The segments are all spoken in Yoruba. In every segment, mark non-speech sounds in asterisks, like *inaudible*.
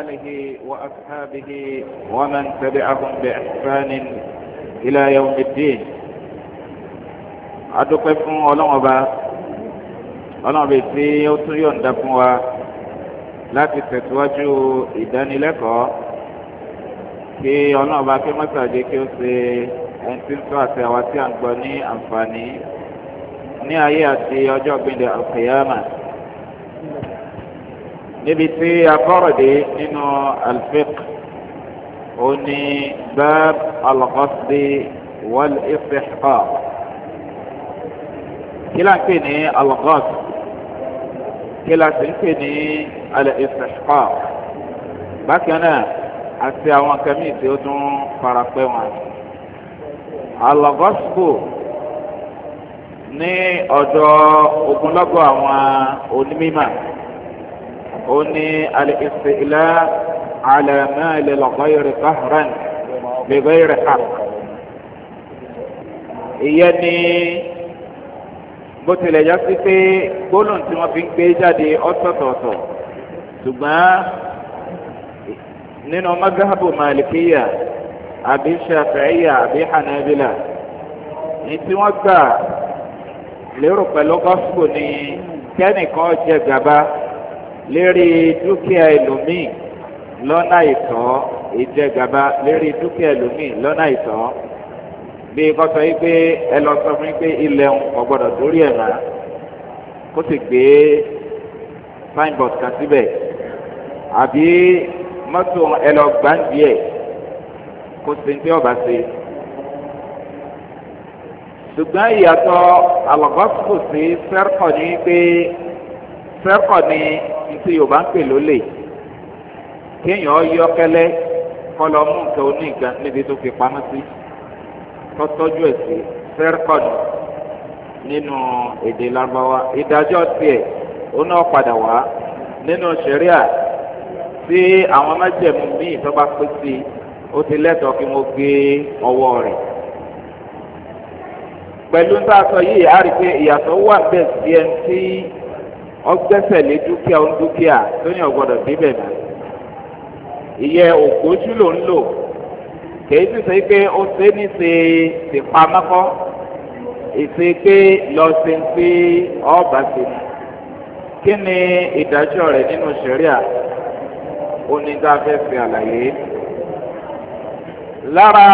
آله وأصحابه ومن تبعهم بإحسان إلى يوم الدين adúpẹ́ fún ọlọ́run ọba ọlọ́run bíi tí ó tún yọ̀ǹda fún wa láti tẹ̀síwájú ìdánilẹ́kọ̀ọ́ kí ọlọ́run ọba kí mọ́sàdé kí ó ṣe ẹni tí ń tọ́ àti àwa tí à ń gbọ́ ní àǹfààní ní ayé àti ọjọ́ gbìndẹ̀ àkèyàmà níbi tí akọ́rọ̀dé nínú alfiq ó ní bab alqasdi wal istihqaq kí la ń pè ní alqasd kí la sì ń pè ní al istihqaq bákan náà àti àwọn kẹ́mí tí ó tún fara pẹ́ wọn. alqasdu ní ọ̀dọ̀ ogunlọ́gọ̀ àwọn onímọ̀ ó ní alìsílá àlàmáàlì lọ́gọ́yìrì káhùrán lẹ́gọ́yìrì hàk. ìyẹn ni bó tilẹ̀ yá sí pé gbólóhùn tí wọ́n fi ń gbé jáde ọ̀tọ̀ọ̀tọ̀ ṣùgbọ́n nínú magahabu malikiya àbí shafiya àbí hanabila ní tí wọ́n gbà lérò pẹ̀lú gọ́sùpù ni kẹ́nìkan jẹ gàba lérí dúkìá ẹlòmíì lọ́nà ìtọ́ ìjẹgàba lérí dúkìá ẹlòmíì lọ́nà ìtọ́ bí kọ́sọ́ yìí pé ẹ lọ sọ fún mi pé ilẹ̀ ń ọgbọ́dọ̀ dórí ẹ̀ rà kó sì gbé signboard kan síbẹ̀ àbí mọ́tò ẹ lọ gbàǹdì ẹ̀ kó sì ń pé ọ̀bà sí ṣùgbọ́n ìyàtọ̀ alọ́gọ́sùkù sí sẹ́rkọ̀ ní pé sẹ́rkọ̀ ní tí yorùbá ń pè lólè kéèyàn yọ kẹlẹ kọlọ mú nǹkan oníga níbi tó fi pamọ́ sí tọ́tọ́jú ẹ̀ sí sẹ́rkọ̀nù nínú èdè lárúbáwá ìdájọ́ tiẹ̀ ó náà padà wá nínú sẹ́ríà tí àwọn májẹ̀mú míì tó pé sí ó ti lẹ́tọ̀ọ́ kí wọ́n gbé ọwọ́ rẹ̀ pẹ̀lú ń tà sọ yìí a ìyàtọ̀ wà bẹ́ẹ̀ sí ẹni tí ọgbẹ́sẹ̀lé dúkìá ó dúkìá lóyún ọ̀gbọ́dọ̀ síbẹ̀ náà ìyẹ ògbójú ló ń lò kèé sì sẹ́ pé ó ṣe ní ṣe tìpamọ́kọ́ ìṣe pé lọ́sẹ̀ ń pé ọba ṣe ni kí ni ìdájọ́ rẹ̀ nínú sẹ́ríà onídàáfẹ́sẹ̀ àlàyé lára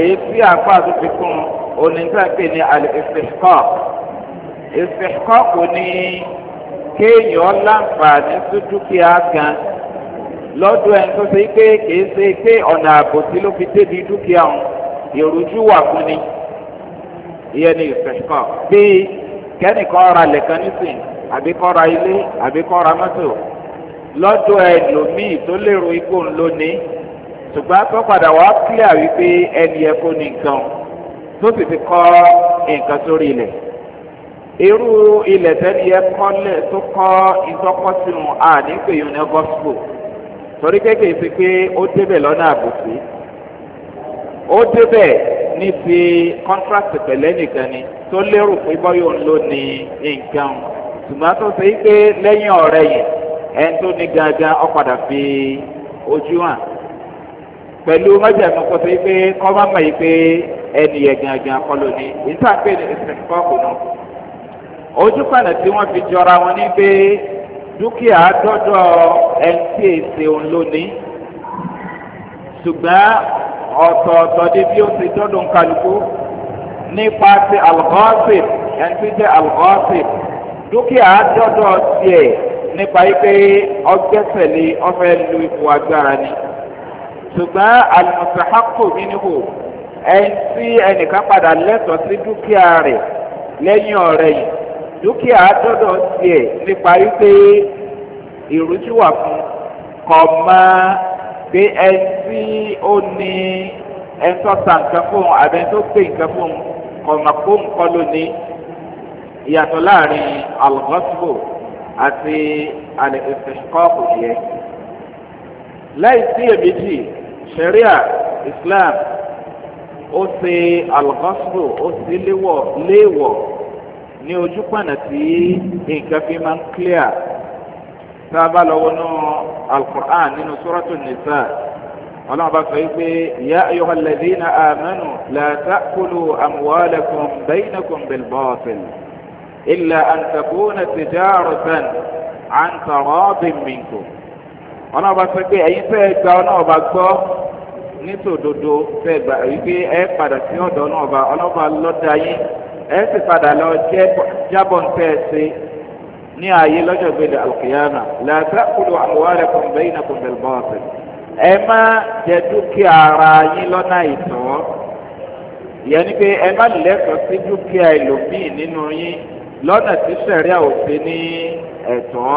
èyí tí àpá tó fi kún onídàáfẹ́ ni alẹ́ ìfẹ́ kọ́ ìfẹ́ kọ́ kò ní kéèyàn láǹfààní tó dúkìá kan lọ́dún ẹni tó ṣe pé kìí ṣe pé ọ̀nà àbòsí ló fi débi dúkìá òun ìrújú wà fún ni ìyẹn ni ìfẹ̀sùkọ̀ bíi kẹ́nìkan ra lẹ̀kan nísìn àbí kọ́ ra ilé àbí kọ́ ra mọ́tò lọ́dún ẹlòmíì tó lérò igbó ńlónìí ṣùgbọ́n tó padà wá kílíà wípé ẹni ẹ̀kọ́ ní nǹkan tó sì ti kọ́ nǹkan sórí ilẹ̀ irú ilẹ̀ tẹ́lẹ̀ yẹ kọ́lẹ̀ tó kọ́ ìtọ́kọ́sínú àní pé yóò ní gọ́sìpò torí kékeré sí pé ó débẹ̀ lọ́nà àbòsí ó débẹ̀ ní ti kọ́ńtrákì pẹ̀lẹ́ nìkan ni tó lérò pé bọ́yọ̀ ń lò ní nǹkan ṣùgbọ́n tó ṣe pé lẹ́yìn ọ̀rẹ́ yìí ẹni tó ní gangan ọ̀padà fi ojú hàn pẹ̀lú májàmú kó ṣe pé kọ́ máa mọ̀ yìí pé ẹni yẹ gangan kọ́ lóní ìtàkùn ìsìnkú ọ̀kùnrin ojúkànnà tí wọ́n fi jọra wọn ní pé dúkìá dọ́dọ̀ ẹ̀ńtí èsè òun lónìí ṣùgbọ́n ọ̀tọ̀ọ̀tọ̀ dé bí ó ti dọ́dọ̀ nkàlùkù nípa ti alghọ́sì ẹ̀ńtí jẹ́ alghọ́sì dúkìá dọ́dọ̀ tiẹ̀ nípa yìí pé ọfẹ́ lu ipò agbára ni ṣùgbọ́n alùmọ̀sáhákò mi ẹ̀ńtí ẹnìkan padà lẹ́tọ̀ọ́ sí dúkìá rẹ̀ lẹ́yìn ọ̀rẹ́ yìí dúkìá dọ́dọ̀ tiẹ̀ nípa wípé ìrújú wà fún kọ̀ máa pé ẹni tí ó ní ẹni tó ta nǹkan fún un àbẹ tó gbé nǹkan fún un kọ̀ máa kó nǹkan lónìí ìyàtọ̀ láàrin alghasbo àti alẹ́sẹ̀kọ́ọ̀kù yẹn. láì sí èméjì sharia islam ó ṣe alghasbo ó ṣe léwọ̀ léwọ̀ ní ojú pànà tí nǹkan fi máa ń clear tá a bá lọ wọnú alukur'an nínú sọ́rọ́tò nìsa ọlọ́run bá sọ yìí pé ya ayọ̀hán lẹ́dínà àmánù làtà kúlù àmúwálẹ̀kùn bẹ́yìnàkùn bilbọ́ọ̀tìl ilà àǹtàkùnà tìjárùtàn àǹtàrọ́ọ̀bìn mìnkù ọlọ́run bá sọ pé ẹ̀yin fẹ́ gba ọlọ́run bá gbọ́ nítòdodo fẹ́ gbà wípé ẹ padà sí ọ̀dọ̀ ọlọ́run bá ọlọ́run bá lọ́dà yín ẹ sì padà lọ jábọ̀ ntẹ́ ẹ sí ní ààyè lọ́jọ́ gbèdé alkiyama làtà kúlù àwòrán kùn bẹ́yìn náà kùn bẹ́ẹ̀ bọ́ọ̀sì ẹ má jẹ dúkìá ara yín lọ́nà ìtọ́ ìyẹn ni pé ẹ má lẹ́tọ̀ọ́ sí dúkìá ẹlòmíì nínú yín lọ́nà tí sẹ̀ríà ò sí ní ẹ̀tọ́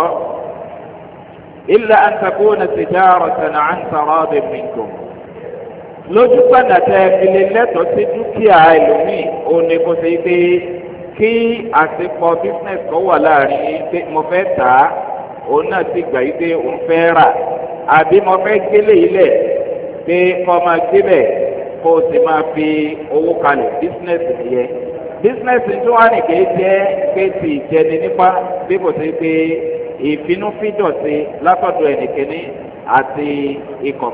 ilà àǹtakùn ti dáhùn sẹ̀nà àǹtàrọ̀ ọ̀dẹ̀ mìíràn lójú padà tẹ ilé lẹ́tọ̀ọ́ sí dúkìá ẹlòmíì ó ní kó ṣe pé kí àsìkò business kan wà láàrin pé mo fẹ́ tà á òun náà ti gbà yìí pé òun fẹ́ rà àbí mo fẹ́ gbélé ilẹ̀ pé kọ́ máa gbébẹ̀ kó o sì máa fi owó kalẹ̀ business nìyẹn business tó wà nìkan jẹ́ pé ti ìjẹni nípa bí kò ṣe pé ìbínú fi dọ̀tí látọ̀dọ̀ ẹnìkíní àti ikọ̀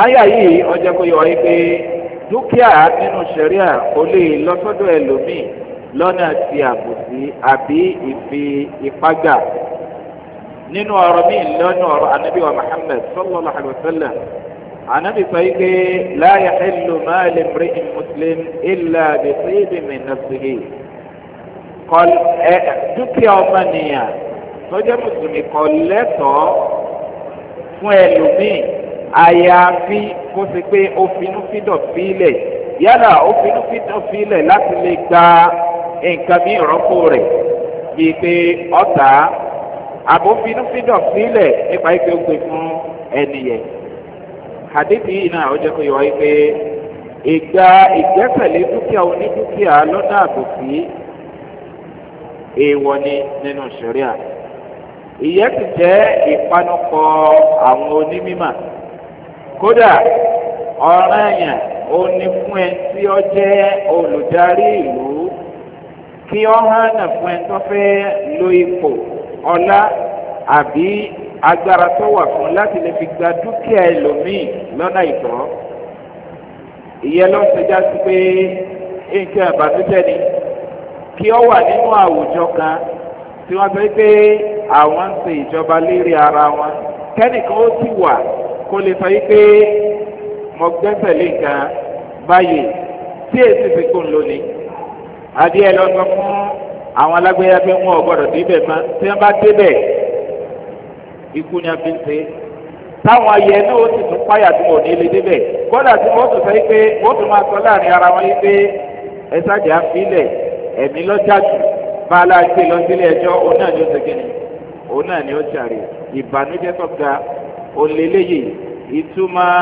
àyà yìí ọjọ́ kó yọ wáyé pé dúkìá nínú sẹ̀ríà kò lè lọ sọ́dọ̀ ẹlòmíì lọ́nà ti àbòsí àbí ìfi ipá gbà nínú ọ̀rọ̀ míì lọ́nà ọ̀rọ̀ anabi wa muhammed sallallahu alayhi wa sallam sọ yìí pé láyà ẹlò máa lè mìíràn in muslim ilà bẹ̀sẹ̀ ìbìmì nàṣìhì kọ́l ẹ dúkìá mùsùlùmí kọ́ lẹ́tọ̀ọ́ fún ẹlòmíì. àyàfi kó ṣe pé ó finúfídọ̀ fílẹ̀ yálà ó finúfídọ̀ fílẹ̀ láti lè gba nǹkan bí ìrọ́pò rẹ̀ bíi pé ọ̀tá àbò finúfídọ̀ fílẹ̀ nípa fún ẹnìyẹn hadithi yìí náà ó yọ wáyé ìgbà ìgbẹ́kẹ̀lé dúkìá onídúkìá lọ́nà àbòsí èèwọ̀ ni nínú sẹ̀ríà ìyẹn ti jẹ́ ìpanupọ̀ àwọn onímímà. kódà ọ̀ràn anya, ó fún ẹ tí ó jẹ́ olùdarí ìlú kí ọ hànà fún ẹ tó fẹ́ lo ipò ọlá àbí agbára tó wà fún láti lè fi gba dúkìá ẹlòmíì lọ́nà ìtọ́ ìyẹn ló ń sí pé ara wọn kó lè sọ yìí pé mo gbẹ́sẹ̀lé nǹkan báyìí tí èsì fi kún lónìí adìẹ lọ sọ fún àwọn alágbèéyá pé wọn ò gbọdọ̀ débẹ̀ mọ́ tí wọ́n bá débẹ̀ ikú ni a fi ń ṣe táwọn ayẹ náà ó sì tún páyà tí wọn ò ní lè débẹ̀ kódà tí wọ́n tún sọ yìí pé wọ́n tún máa sọ láàrin ara wọn yìí pé ẹ sájà fílẹ̀ ẹ̀mí lọ́jà bá a láti lọ sílé ẹjọ́ òun náà ni ó ṣe kíni òun náà ni ó ṣàrè ìbànújẹ́ tó ga òlélẹ́yìn ìtumọ̀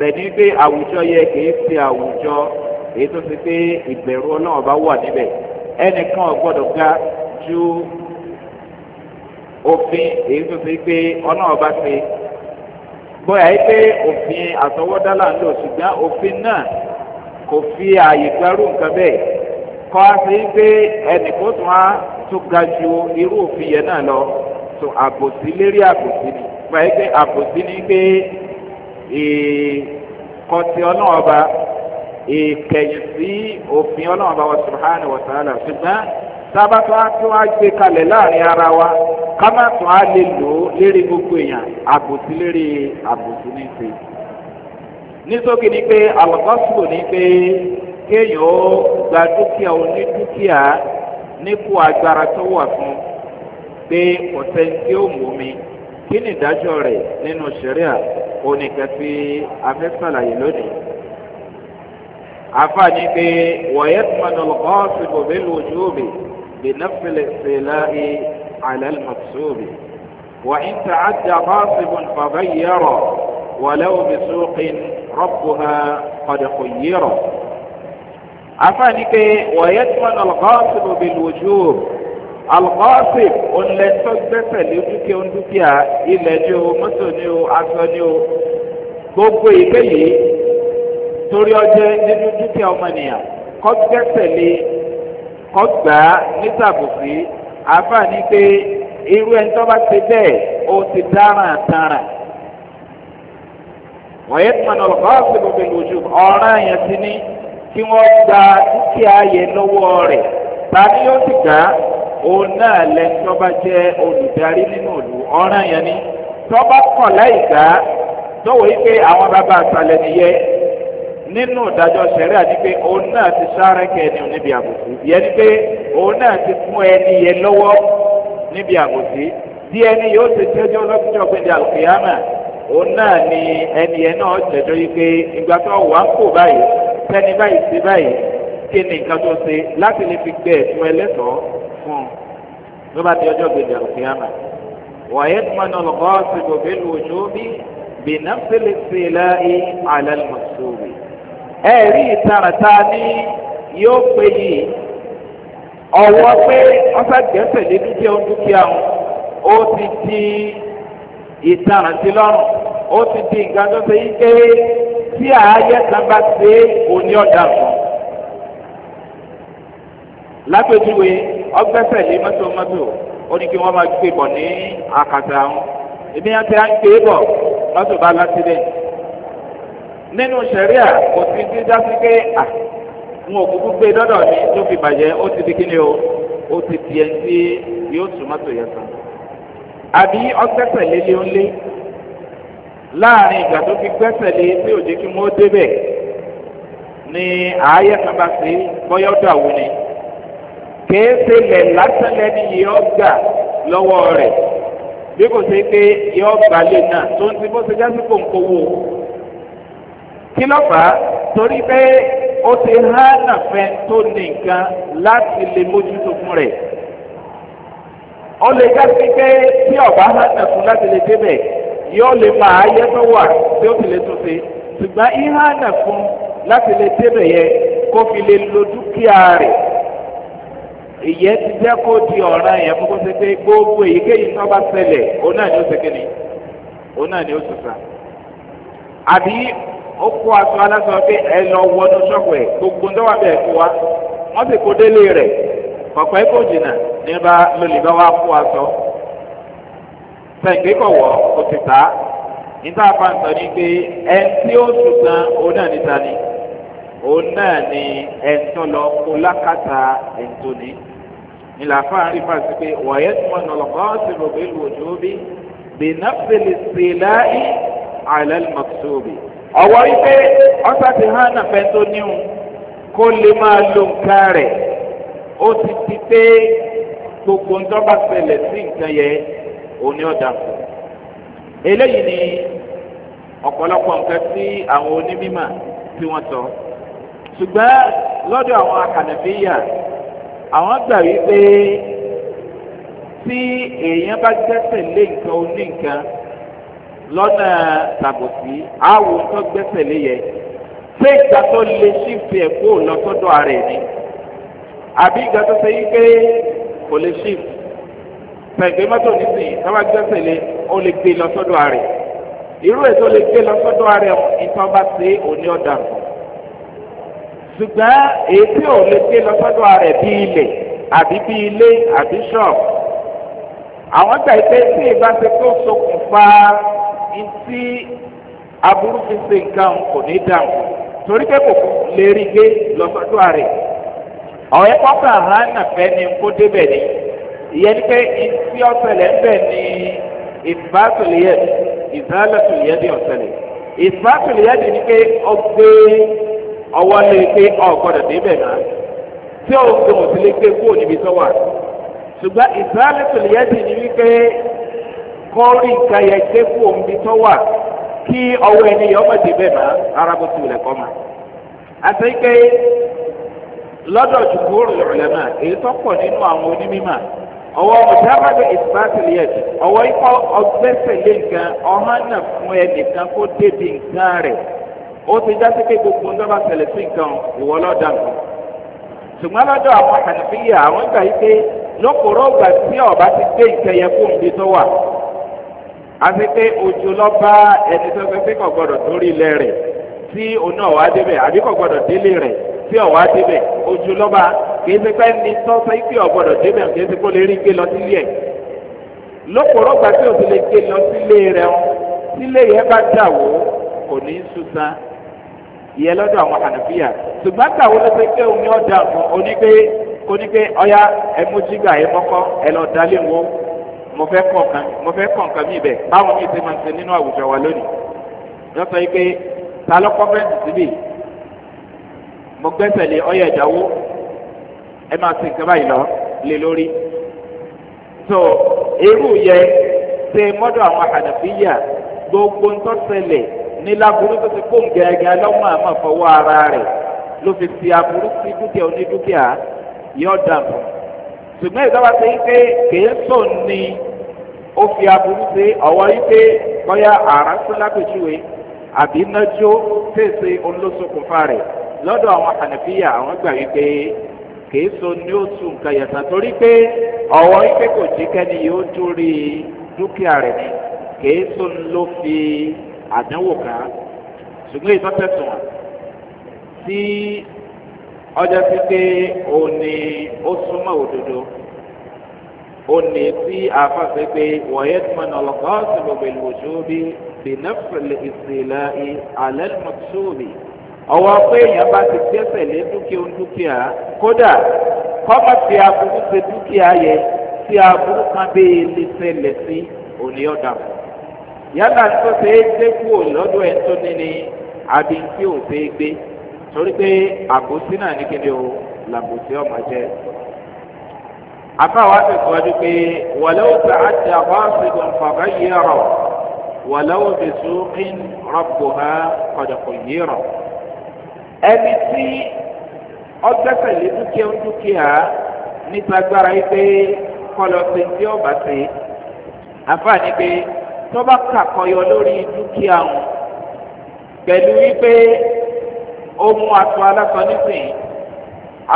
rẹ̀ ní pé àwùjọ yẹ kìí ṣe àwùjọ èyí tó ti pé ìbẹ̀rù ọlọ́run bá wà níbẹ̀ ẹnìkan ọ̀gbọ́dọ̀ ga ju òfin èyí tó ti pé ọlọ́run bá ṣe bóyá yìí pé òfin àtọwọ́dá là ń lò ṣùgbọ́n òfin náà kò fi ààyè gbárù nǹkan bẹ́ẹ̀ kọ́ á sí pé ẹnìkan tó wá tó ga ju irú òfin yẹn náà lọ tó àbòsí lérí àbòsí ni pẹ̀lú pé àkòsí ni pé ìkọ̀sí e, ọlọ́run ìkẹyìn e, sí òfin ọlọ́run wa subhanahu wa ta'ala ṣùgbọ́n sábàtà tí wọ́n á gbé kalẹ̀ láàrin ara wa ká má tún á lè lò ó lérí gbogbo èèyàn àbòsí lérí àbòsí ní ṣe. nítorí ni pé àlọ́kọ́sùlù ni pé kéèyàn ó gba dúkìá onídúkìá nípò agbára tó wà fún pé ọ̀sẹ̀ tí ó mú kí ni ìdájọ́ rẹ̀ nínú sẹ̀ríà oníkan tí afẹ́sàlàyé lónìí. àfààní pé wọ̀nyẹ́ tí wọn lọ kọ́ síbò mélòó ojú òbí bí nàfẹ̀lẹ̀ sẹ̀lá ẹ̀ àlẹ́ mọ̀tòbí. وإن تعدى غاصب فغير ولو بسوق ربها قد خير أفانك ويتمن الغاصب بالوجوب alùpàṣẹ ònlẹ́tọ́ gbẹ́sẹ̀lé dúkìá ondúkìá ilẹ̀ ni o mọ́tò ni o aṣọ ni o gbogbo ìkéyìí torí ọjẹ́ nínú dúkìá ọmọnìyàn kọ́ gbẹ́sẹ̀lé kọ́ gbà á nítàbùsí àfààní pé irú ẹni tó bá ti bẹ́ẹ̀ o ti dáràn tààràn wọ́n yẹ kí alùpàṣẹ gbogbo ìlú ọ̀ràn yẹn ti ní kí wọ́n gba dúkìá yẹn lọ́wọ́ rẹ̀ tàbí yóò ti gbà á. òun náà lẹni tó bá olùdarí nínú ìlú ọ̀ràn yẹn ni tó bá kọ̀ láì gbà á tọ́wọ́ yìí pé àwọn bàbá àtàlẹ̀ nìyẹn nínú ìdájọ́ sẹ̀ríà ni pé òun náà ti sáré kẹ́ni níbi àbòsí yẹn ni pé òun náà ti fún ẹni yẹn níbi tí ẹni yóò ti tẹ́jọ́ lọ́kùnjọ́ pé àlùkìyàmà òun náà ni ẹni yẹn náà yìí pé ìgbà tó wà ń kó báyìí fún un ló bá ti ọjọ́ gbèdé àlùkìyàmà wàyẹ̀ tìmọ̀nà lọ́kọ́ ṣètò bẹ́ẹ̀ lò ṣó bí bìnàfẹ́lẹ́ sílẹ̀ ẹ̀ alẹ́ lọ́sọ̀rọ̀ ẹ̀rí ìtarata ní yóò pé yìí ọwọ́ pé ọ̀sàgbẹ́sẹ̀ lé dúkìá dúkìá ó ti di ìtarantí ó ti di nǹkan tó pé tí ààyè kan bá ṣe é ọ̀dà fún un lápẹjúwe ọgbẹ́sẹ̀ lé mọ́tò mọ́tò ó ní kí wọ́n máa gbé bọ̀ ní àkàtà àwọn èmi àti à ń gbé bọ̀ mọ́tò bá lásìlẹ̀ nínú sẹ̀ríà kò sí ti dásí pé à ń wò kúkú gbé dọ́dọ̀ mi tó fi bàjẹ́ ó ti di kíni o ó ti di ẹni tí yóò tún mọ́tò yẹn sàn àbí ọgbẹ́sẹ̀ lé lé ń láàrin ìgbà tó fi gbẹ́sẹ̀ lé tí ò jẹ́ kí wọ́n débẹ̀ ni ààyè kan bá sí bọ́yọ́dọ̀ àwọn ni kéésì lẹ̀ lásán lẹ́ni yìí ọgbà lọ́wọ́ rẹ̀ bí kò sí pé yìí ọgbà lè nà tó ń ti bó ṣe jásí kò ń kówó. kí ló fà á torí pé ó ti há nàfẹ́ tó ní nǹkan láti lè mójútó fún rẹ̀. ó lè jásí pé tí ọ̀bá há nàfún láti lè débẹ̀ yóò lè máa yẹ tó wà tí ó ti lè tó ṣe ṣùgbọ́n ihá nàfún láti lè débẹ̀ yẹ kó fi lè lo dúkìá rẹ̀. ìyẹn ti jẹ́ kó di ọ̀ràn yẹn fún pé gbogbo èyíkéyìí tó bá ṣẹlẹ̀ òun náà ni ó ṣe kíni òun náà ni ó ṣùṣà àbí ó kó aṣọ aláṣọ pé ẹ lọ wọnú ṣọ́ọ̀bù ẹ̀ gbogbo ń bẹ́ẹ̀ fún wa wọ́n sì kó délé rẹ̀ ẹ̀ kò ni pé tí ó òun náà ni òun náà ni lọ ìlàfà àrífà sí pé wọ̀nyẹ́ tí wọ́n nọ̀lọ́ kọ́ sí rògbé lòdù bí bìnàfẹ̀lì síláì àlẹ́lmọ̀tòbí. ọ̀wọ́ wípé ọ̀sà ti hàn náà fẹ́ tó níhun kó lè máa lo nǹkan rẹ̀ ó ti ti pé gbogbo ń tọ́ba ṣẹlẹ̀ sí nǹkan yẹn òní ọ̀dà fún. eléyìí ni ọ̀pọ̀lọpọ̀ nǹkan tí àwọn onímọ̀ tí wọ́n sọ. ṣùgbọ́n lọ́dọ̀ àwọn akànàfíyà àwọn gbà wípé tí èèyàn bá gbẹ́sẹ̀ lé nǹkan oní nǹkan lọ́nà tàbùsí àwò tó gbẹ́sẹ̀ lé yẹ ṣé ìgbà tó lè ṣífì ẹ̀ kó lọ sọ́dọ̀ ara ẹ̀ ni àbí ìgbà tó ṣe yí pé kò lè ṣífì pẹ̀gbẹ́ mọ́tò nísìnyí sábà gbẹ́sẹ̀ lé ó lè gbé lọ sọ́dọ̀ ara ẹ̀ irú ẹ̀ tó lè gbé lọ sọ́dọ̀ ara ẹ̀ ìtọ́ bá ṣe òní ọ̀dà fún ṣùgbọ́n èyí tí ò lè gbé lọ sọ́dọ̀ rẹ̀ bí ilẹ̀ àbí bí ilé àbí ṣọ́ọ̀bù àwọn gbà pé tí ìbáṣe tó ṣokùnfà ntí aburú fi ṣe nǹkan kò ní dáhùn torí pé kò lè rí gbé lọ sọ́dọ̀ rẹ̀ ọ̀rẹ́ kọ́kọ́ àhán nàfẹ́ ni kó débẹ̀ ni ìyẹn ni pé ntí ọ̀sẹ̀lẹ̀ ń bẹ̀ ni ìbátòlìyẹ́dì ìzálẹ̀tòlìyẹ́dì ọ̀sẹ̀lẹ̀ ìbátòlìyẹ́dì ni pé ọgbẹ́ ọwọ́ lé pé ọ̀gbọ́dọ̀ débẹ̀ náà tí ó gbé wọn sílé gbé kúrò níbi tó wà ṣùgbọ́n ìsirálẹ̀ tó lè yẹ ti ní wípé kọ́rí nǹkan yẹn gbé kúrò níbi tó wà kí ọwọ́ ẹni yẹn ọmọ débẹ̀ náà ara bó tu lẹ̀kọ́ ma àti pé lọ́dọ̀ jùkúrò lọ́rọ̀lẹ́ náà èyí tó pọ̀ nínú àwọn onímọ̀ ọwọ́ mùsàlámàdé ìsìláàtìlì ọwọ́ ikọ̀ ọgbẹ́sẹ̀ lé nǹkan ọ̀hánà ó ti jásí pé gbogbo ń dọ́gba ṣẹlẹ̀ sí nǹkan ìwọ lọ́dà nǹkan ṣùgbọ́n lọ́dọ̀ àwọn ànàfíyà àwọn gbà yí pé lókòrò ọgbà tí ọba ti gbé nǹkan yẹn fún ibi tó wà àti pé ojú lọ bá ẹni tó fẹ́ pé kò gbọ́dọ̀ torí ilẹ̀ rẹ̀ tí òun náà wá débẹ̀ àbí kò gbọ́dọ̀ délé rẹ̀ tí ọ̀wá débẹ̀ ojú lọ bá kì í ṣe pé ní tọ́sọ ibi ọ̀gbọ́dọ̀ débẹ̀ kì í ṣe kó lè rí gbé lọ sílé ẹ̀ lókòrò ọgbà tí òun ti lè gbé lọ sílé rẹ̀ sílé yẹn bá dà wò kò ní í sùn sáà ìyẹn lọ́dọ̀ àwọn ànàfíà ṣùgbọ́n táwọn ló fẹ́ pé omi ọ̀dà kan onígbé onígbé ọ̀yá ẹmújígbà ẹ mọ́kọ́ ẹ lọ wo mo fẹ́ kọ̀ọ̀kan mo fẹ́ kọ̀ọ̀kan mi bẹ̀ báwọn mi ti máa ń ṣe nínú àwùjọ wa lónìí yọ sọ pé ta lọ kọ́fẹ́ǹsì síbì mo gbẹ́sẹ̀ lé ọ̀yà ìdáwó ẹ máa ṣe nǹkan báyìí lọ lé lórí tó irú yẹ ṣe mọ́dọ̀ àwọn ànàfíà gbogbo ń tọ́ sẹlẹ̀ ní láburú tó ti kóun gẹ́gẹ́ lọ́mọ àmọ́ fọwọ́ ara rẹ̀ ló fi fi aburú sí dúkìá onídúkìá yọ̀ dànù ṣùgbọ́n ìjọba ṣe pé kèésò ni ó fi aburú sí ọ̀wọ́ yìí pé bóyá àrà sí lápèjúwe àbí nájó tèsè olóṣokùnfà rẹ̀ lọ́dọ̀ àwọn ànàfíyà àwọn gbà wípé kèésò ni ó tún nǹkan yàtọ̀ torí pé ọ̀wọ́ yìí kò jí yóò dúrí dúkìá rẹ̀ ni kèésò ló fi àdánwò kan ṣùgbọ́n ìtọ́tẹ̀sùn tí ọjọ́ sí pé òun ni ó súnmọ́ òdodo òun ni tí àfàṣe pé wọ̀nyẹ́ tí mo nà lọ́kọ́ sílò pẹ̀lú òṣòbí bìnẹ́fẹ̀lẹ̀ ìsìlẹ̀ alẹ́lmọ̀ṣòbí ọwọ́ pé èèyàn bá ti gbẹ́sẹ̀ lé dúkìá dúkìá kódà kọ́mọ̀ tí aburú ṣe dúkìá yẹ tí aburú kan bẹ́ẹ̀ lè ṣẹlẹ̀ sí òun ni ọ̀dà fún yálà tó ṣe é gbé kúrò lọ́dọ̀ ẹ̀ tó ní ni àbí tí ò ṣe é gbé torí pé àbòsí náà ní kíni o làbòsí ọmọ jẹ. afáwa tẹ̀síwájú pé wàlẹ́wò tẹ àti àbáṣegun fàbá yìí rọ̀ wàlẹ́wò bẹ̀sù ń rọ̀bù ha kọ̀dọ̀kọ̀ yìí rọ̀. ẹni tí ọgbẹ́sẹ̀lé dúkìá dúkìá nípa agbára yìí pé kọlọ́sẹ̀ tí ọba ṣe àfáà ní pé tọ́ba kàkọyọ lórí dúkìá wọn pẹ̀lú wípé ó mú aṣọ aláṣọ nísìnyí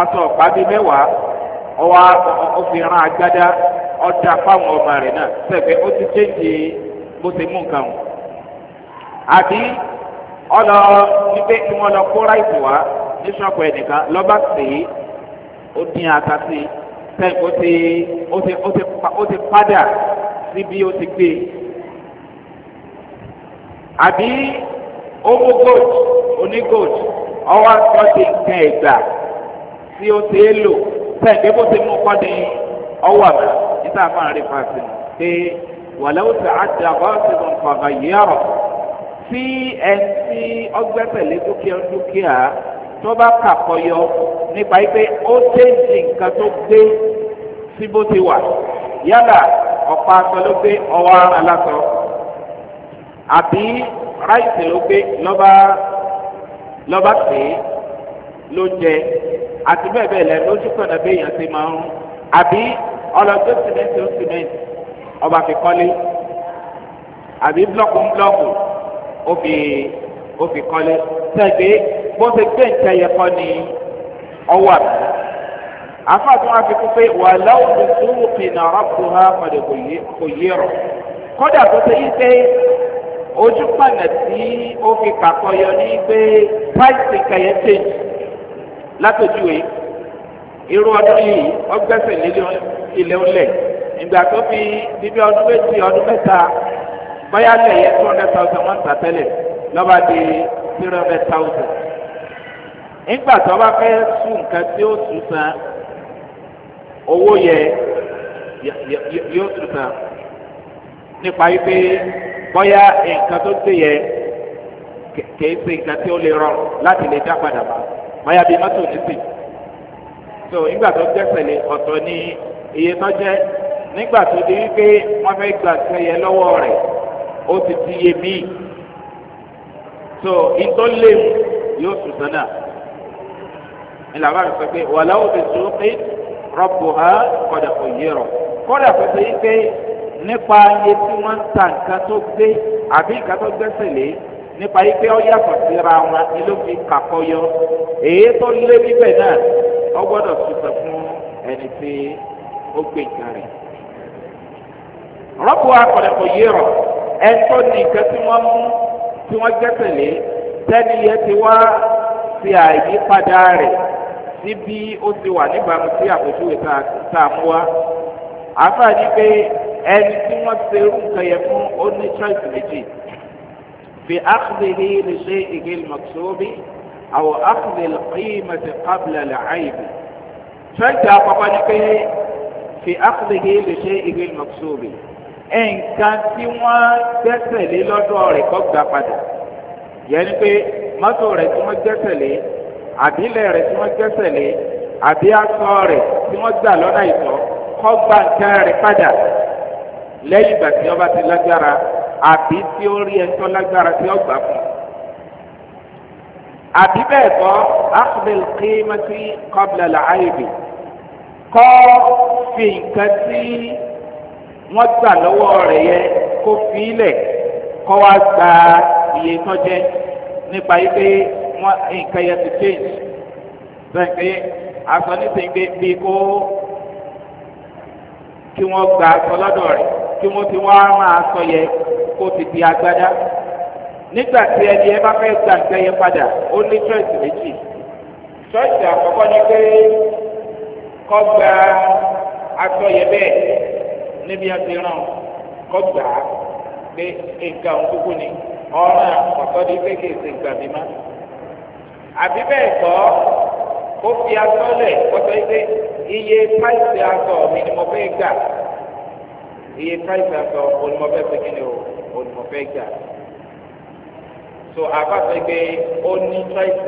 aṣọ ọ̀pábí mẹ́wàá ọwọ́ ọ̀fìnrán agbádá ọjà fáwọn ọmọ rẹ̀ náà sẹ́gbẹ́ ó ti chéńjì bó ti mú nǹkan wọn. àbí ọlọ wípé kí wọ́n lọ kó ráìsì wá ní ṣọ́ọ̀pù ẹnìkan lọ́ba sí ó dín ata sí sẹ́gbẹ́ ó ti padà síbi ó ti gbé e àbí owó gold oní gold ọwọ́ àtúntì nǹkan ẹ̀gbà tí ó ti lò tẹ̀gbẹ́ bó ti mú kọ́ni ọwọ́ àmà níta máa rí fàṣẹ pé wàlẹ́ ó ti àjà bọ́ọ̀sì nǹkan àyẹ̀rọ̀ tí ẹni tí ọgbẹ́sẹ̀lé dúkìá dúkìá tó bá kàkọyọ nípa pé ó tẹ̀sí nǹkan tó gbé sí bó ti wà yálà ọ̀pá aṣọ ló gbé ọwọ́ ara lásán àbí ráìsì ló gbé lọ́ba lọ́ba pè é ló jẹ àti bẹ́ẹ̀ bẹ́ẹ̀ lẹ́nu ó dúpọ̀ náà béèyàn ti máa ń àbí ọlọ́dún sìmẹ́ntì ó sìmẹ́ntì ọba fi kọ́lé àbí blọ́ọ̀kù ń blọ́ọ̀kù ó fi ó fi kọ́lé sẹ́gbẹ́ bó ṣe gbé nǹkan yẹ kọ́ ni ọwọ́ àbí àfàtún wa fi kú pé wà láwùjọ tó wù kìnnà ọ̀rọ̀ kò há kọ̀dẹ̀ kò yé rọ̀ kọ́dà tó ṣe yí pé ojú pàdé tí ó fi kàkọyọ ní pé price kẹyẹ change látòjúwe irú ọdún yìí ọgbẹ́sẹ̀ nílé ilé ńlẹ̀ ìgbà tó fi bíbí ọdún méjì ọdún mẹ́ta bóyá lẹ̀yẹ two hundred thousand wọ́n ń tà lọ́ba di three hundred thousand nígbà tó bá fẹ́ sùn nǹkan tí ó sùn san owó yẹ yóò sùn san nípa wípé bọ́yá nǹkan tó ṣe yẹ kèé ṣe nǹkan tí ó lè rọrùn láti lè dá padà bá bọ́yá bíi mọ́tò nísìn so nígbà tó gbẹ́sẹ̀lé ọ̀tọ̀ ní iye tó jẹ́ nígbà tó di wípé wọ́n fẹ́ gbà sẹ́yẹ lọ́wọ́ rẹ̀ ó ti ti yé míì so ìtọ́ léwu yóò sùn sọ́nà ìlànà rẹ̀ sọ pé wàláwò ti sùn pé rọ́pò ha kọ́dà kò yé rọ̀ kọ́dà kò sẹ́yìn pé nípa iye tí wọ́n ń ta nǹkan tó gbé àbí nǹkan tó gbẹ́sẹ̀ lé nípa yìí pé ọyà fàṣírà wọn ni ló fi kàkọyọ èyí tó lé níbẹ̀ náà ọ gbọ́dọ̀ ṣùtọ̀ fún ẹni tí ó gbé nǹkan rẹ̀. rọ́pò akọ̀dẹ̀kọ̀ yìí rọ̀ ẹ̀tọ́ ní nǹkan tí wọ́n mú tí wọ́n gbẹ́sẹ̀ lé tẹ́ni yẹn ti wá ti àyípadà rẹ̀ sí ó ti wà níbàámu sí àpèjúwe tá a mú wa. àfáà ní pé ẹni tí wọ́n ṣe irú nǹkan yẹn fún ó ní choice méjì fi akhdihi li shay'ihi al-maksubi aw akhdhi al-qimati qabla al-'ayb choice àkọ́kọ́ ni pé fi akhdihi li shay'ihi al-maksubi nǹkan tí wọ́n gbẹ́sẹ̀ lé lọ́dọ̀ rẹ̀ kọ́ gbà padà yẹn ni pé mọ́tò rẹ̀ tí wọ́n gbẹ́sẹ̀ lé àbílẹ̀ rẹ̀ tí wọ́n gbẹ́sẹ̀ lé àbí aṣọ rẹ̀ tí wọ́n gbà lọ́nà ìtọ́ kọ́ gbà nǹkan rẹ̀ padà lẹ́yìn ìgbà tí ọba ti lágbára àbí tí ó rí ẹjọ́ lágbára tí ó gbà fún. àbí bẹ́ẹ̀ kọ́ akpẹ̀l kéémẹ́tì kọ́bìlà làáyèbè kọ́ fi nǹkan tí wọ́n gbà lọ́wọ́ rẹ̀ yẹ kó fi ilẹ̀ kọ́ wá gba iye tó nípa yìí pé wọ́n nǹkan yẹn ti change. bẹ́ẹ̀ pé aṣọ nísìnyí pé bí kò kí wọ́n gba aṣọ lọ́dọ̀ rẹ̀ kí wọ́n ti wá máa sọ yẹ kó ti di agbada nígbà tí ẹni ẹ bá fẹ́ gba nǹkan yẹn padà ó ní choice méjì choice àkọ́kọ́ ni pé kọ́ gba aṣọ yẹn bẹ́ẹ̀ níbi ẹsẹ̀ kọ́ gbà á pé nǹkan òun kúkú ni ọ̀ràn ọ̀tọ́ ní kékeré gbà mí má àbí bẹ́ẹ̀ kọ́ ó fi aṣọ lẹ̀ kọ́tọ́ yìí iye price aṣọ mi ni mo fẹ́ gbà iye price aṣọ olùmọ̀fẹ́ fi kí ni o olùmọ̀fẹ́ gbà so àbáfẹ́ pé o ní price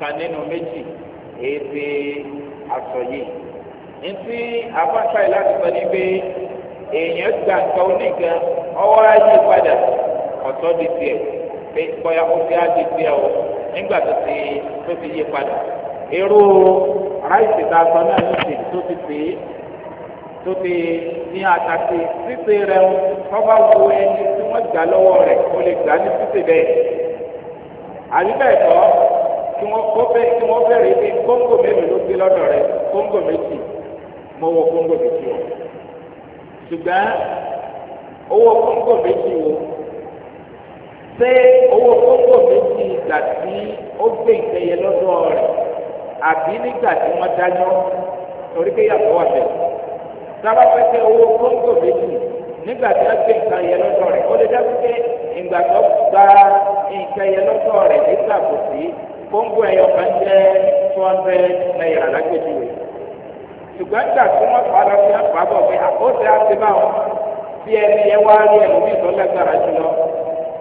kan nínú méjì èyí ti aṣọ yìí ntí àbáfẹ́ yìí láti sọ ni pé èèyàn gbà nǹkan oníkan ọwọ́ ayé padà ọ̀tọ́ di tiẹ̀ pé bóyá ó ti á di tiẹ̀ o nígbà tó ti tó ti yé padà irú ráìsì tá a sọ náà ló ti tó ti pè é tó ti ní àtàkì títè rẹ ń kọ́bá wo ẹni tí wọ́n gbà lọ́wọ́ rẹ̀ ó lè gbà ní títè bẹ́ẹ̀ àbíbẹ̀ẹ̀kọ́ kí wọ́n kó bẹ́ẹ̀ kí wọ́n bẹ̀rẹ̀ ní kóńgò mélòó ló gbé lọ́dọ̀ rẹ̀ kóńgò méjì mo wọ kóńgò méjì o ṣùgbọ́n owó kóńgò méjì o ṣé owó kóńgò méjì gbà tí ó gbé ìgbẹ́yẹ lọ́dọ̀ rẹ̀ àbí nígbà tí wọ́n dájọ́ torí pé yàtọ̀ wà bẹ́ẹ̀. sábà fẹ́ pé owó kóńgò méjì nígbà tí wọ́n gbé nǹkan yẹn lọ́dọ̀ rẹ̀ ó lè dájú pé ìgbà tó gba nǹkan yẹn lọ́dọ̀ rẹ̀ nígbà kò sí kóńgò ẹ̀yọ̀ kan jẹ́ two hundred naira lágbèjúwe. ṣùgbọ́n nígbà tí wọ́n fà á lọ sí àpapọ̀ pé àkóso àti báwọn bí ẹni yẹn wá rí ẹlòmíì tó lágbára jùlọ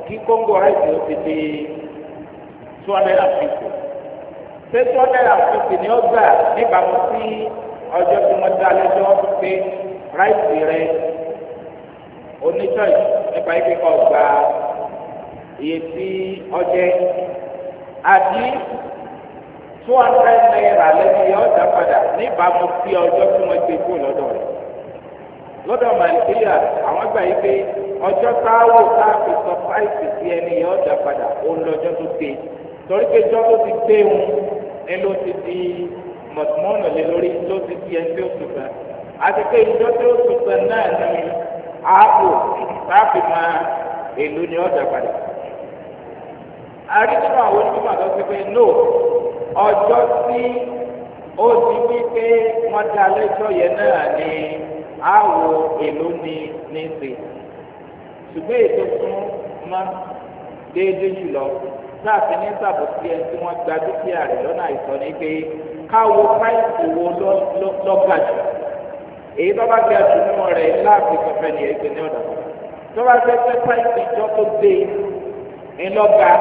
kí kóńgò rẹ̀ ti ó ti di two hundred and fifty ṣé tí wọ́n náírà fífi ni ó gbà níbàámu sí ọjọ́ tí wọ́n dá lẹ́jọ́ pé ráìtì rẹ oníṣọ́ọ̀ṣì nípa ìpínkọ̀ gba iye tí ọjẹ́ àti two hundred naira lẹ́yìn yọ ọjà padà níbàámu sí ọjọ́ tí wọ́n gbé kú lọ́dọ̀ rẹ̀ lọ́dọ̀ màlìkíyà àwọn gbà yí pé ọjọ́ táwọ̀ táàpì sọ fáìsì sí ẹni yọ ọjà padà òun lọ́jọ́ tó gbé torí pé jọ́ tó ti gbé wọn ẹ ló ti di mọ̀tìmọ́nà lé lórí ló ti di ẹni tí ó tù gbà àti pé ìjọ tí ó tù gbà náà ni ààbò láti máa èlò ni ọjà padà. àrídìmọ̀ àwọn onímọ̀ àti ọ̀sẹ̀ pé no ọjọ́ tí ó ti wí pé wọ́n dá lẹ́jọ́ yẹn náà ni àwọ̀ èlò ni ní sè ṣùgbọ́n ètò fún máa déédéé jùlọ láti ní sàbòsí ẹni tí wọ́n gba dúkìá rẹ̀ lọ́nà àìsàn ní pé káwo káyìsì wo lọ́gbà jù èyí tó bá gbé àjù nínú rẹ̀ láàfin pẹpẹ ní ẹgbẹ́ ní ọ̀dà tó bá gbé pé káyìsì ìjọ tó gbé ńlọ́gà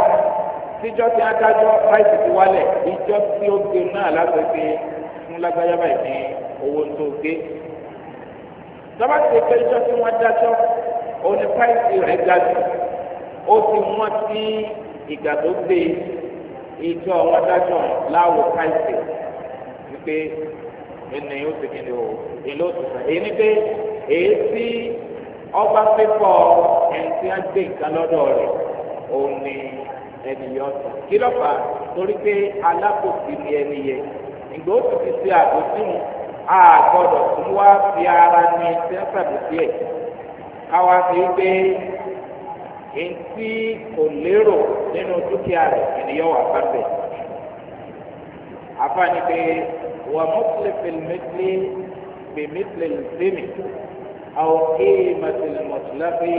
tíjọ́ tí adájọ́ káyìsì ti wálẹ̀ ìjọ tí ó gbé náà láti fi fún lágbájá báyìí ní owó tó gbé tó bá ti pé ìjọ tí wọ́n dájọ́ òní káyìsì rẹ̀ ga jù ó ti wọ́n ti ìgbà tó gbé ìjọ wọn dájọ láwò káìsì wípé ẹnì yóò ti kéde o èlò òtútù èyí ni pé èyí tí ọba pípọ ẹni tí a gbé nǹkan lọ́dọ̀ rẹ̀ òun ni ẹni yọ ọtọ kí ló fà á torí pé alábòsí ni ẹni yẹ ìgbà òtún ti ṣe àbòsí mu a gbọ́dọ̀ tún wá fi ara ní sẹńsà bòsí ẹ káwá fi gbé èntì kò lérò nínú dúkìá rẹ̀ ènìyàn wà pàṣẹ. àfààní pé wà mọ́tìlẹ́fẹ̀lẹ́mẹ́tìlẹ́ bèmítìlẹ́ lùsẹ́mì àwọn èèmọ̀tìlẹ́ mọ̀tìlẹ́fẹ́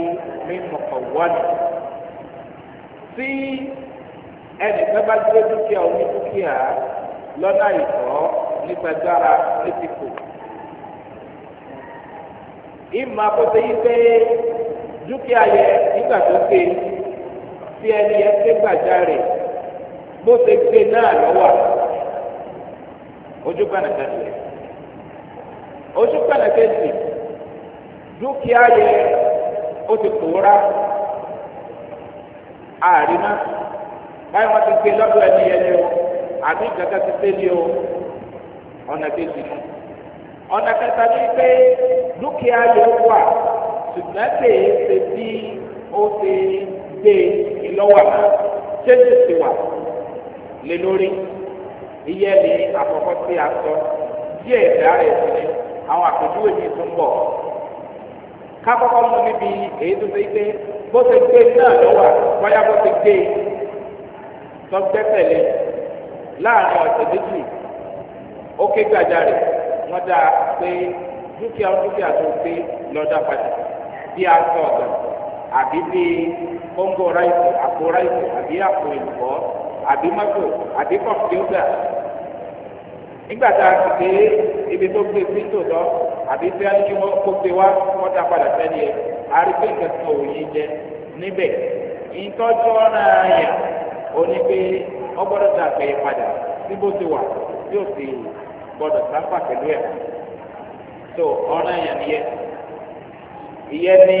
mímọ̀ kọ̀wáàdì. tí ẹnìkan bá gbé dúkìá omi dúkìá lọ́nà ìtọ́ nígbàdára létíkò. ìmọ̀ àkọsẹ́ yìí pé dúkìá yẹ nígbà tó ké tí ẹni yẹn ké gbàjarè bó ṣe gbé náà lọ́wọ́ ojú pàlàkà tiẹ̀ ojú pàlàkà tiẹ̀ dúkìá yẹ ó ti pòórá àríná báyìí wọ́n ti gbé lọ́dọ̀ ẹni yẹn ni o àbí gàgà ti tẹ́ ni o ọ̀nà kejì ni ọ̀nà kẹta ni pé dúkìá yẹ wà ṣùgbọ́n kèé ṣe bíi. o ti dee ìlọ́wà ti wà lé lórí iye ni a sọ díẹ̀ ẹ̀dá rẹ̀ sí ni awọn àpèjúwe mi tún bọ̀ kakọkọ mú níbi èyí tó ṣe pé bó ṣe gbé náà lọ́wà bóyá bó ṣe gbé tọ́gbẹ́sẹ̀lẹ̀ láàrin ọ̀sẹ̀ méjì ó ké wọ́n dáa àbí bí kóńgò ráìsì àpò ráìsì àbí àpò ìlùkọ́ àbí mọ́tò àbí kọ̀mpútà nígbà tá a ti dé ibi tó gbé sí tòótọ́ àbí tí a ní kí wọ́n kó gbé wá wọ́n dá padà sẹ́ni ẹ̀ a rí pé nǹkan kan ò yé jẹ níbẹ̀ ìtọ́jú ọ̀nà àyà òní pé ọgbọ́dọ̀ ta àgbẹ̀yẹ padà tí bó ti wà tí ò sì gbọ́dọ̀ sáfà pẹ̀lú ẹ̀ tó ọ̀nà àyà nìyẹn ìyẹn ní.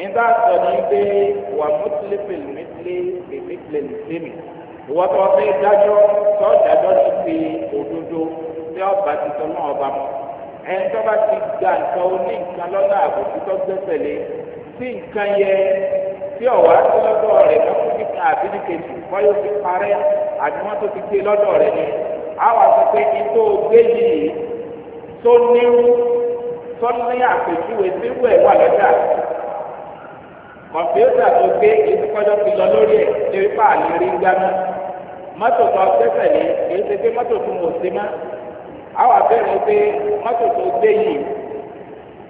nígbà sọ ní pé wà mọ́tìlẹ́pẹ̀ lùmẹ́tìlẹ́ lùmẹ́tìlẹ́ lùmẹ́mì ìwọ́n tó fẹ́ dájọ́ tó dájọ́ ní pé òdodo tí ọba ti sọ náà ọba mọ́ ẹni tó bá ti gba nǹkan oní nǹkan lọ́nà àbòsí tó gbẹ́sẹ̀lé tí nǹkan yẹ tí ọ̀wá tó lọ́dọ̀ rẹ̀ lọ́kùn kíkan àbí ní kejì wáyé fi parẹ́ àbí wọ́n tó ti gbé lọ́dọ̀ rẹ̀ ni àwọn àti pé ètò ògbé yìí tó nírú tó ní àpèjúwe tí wẹ̀ wà lọ́jà kọ̀mpútà tó gbé ìdúpọ́jọ́ lọ lórí ẹ̀ lórí páàlì rí gbáná mọ́tò tó gbẹ́sẹ̀ lé èyí ti gbé mọ́tò tó mọ̀ sí mọ́ àwọn abẹ́rẹ́ pé mọ́tò tó gbé yìí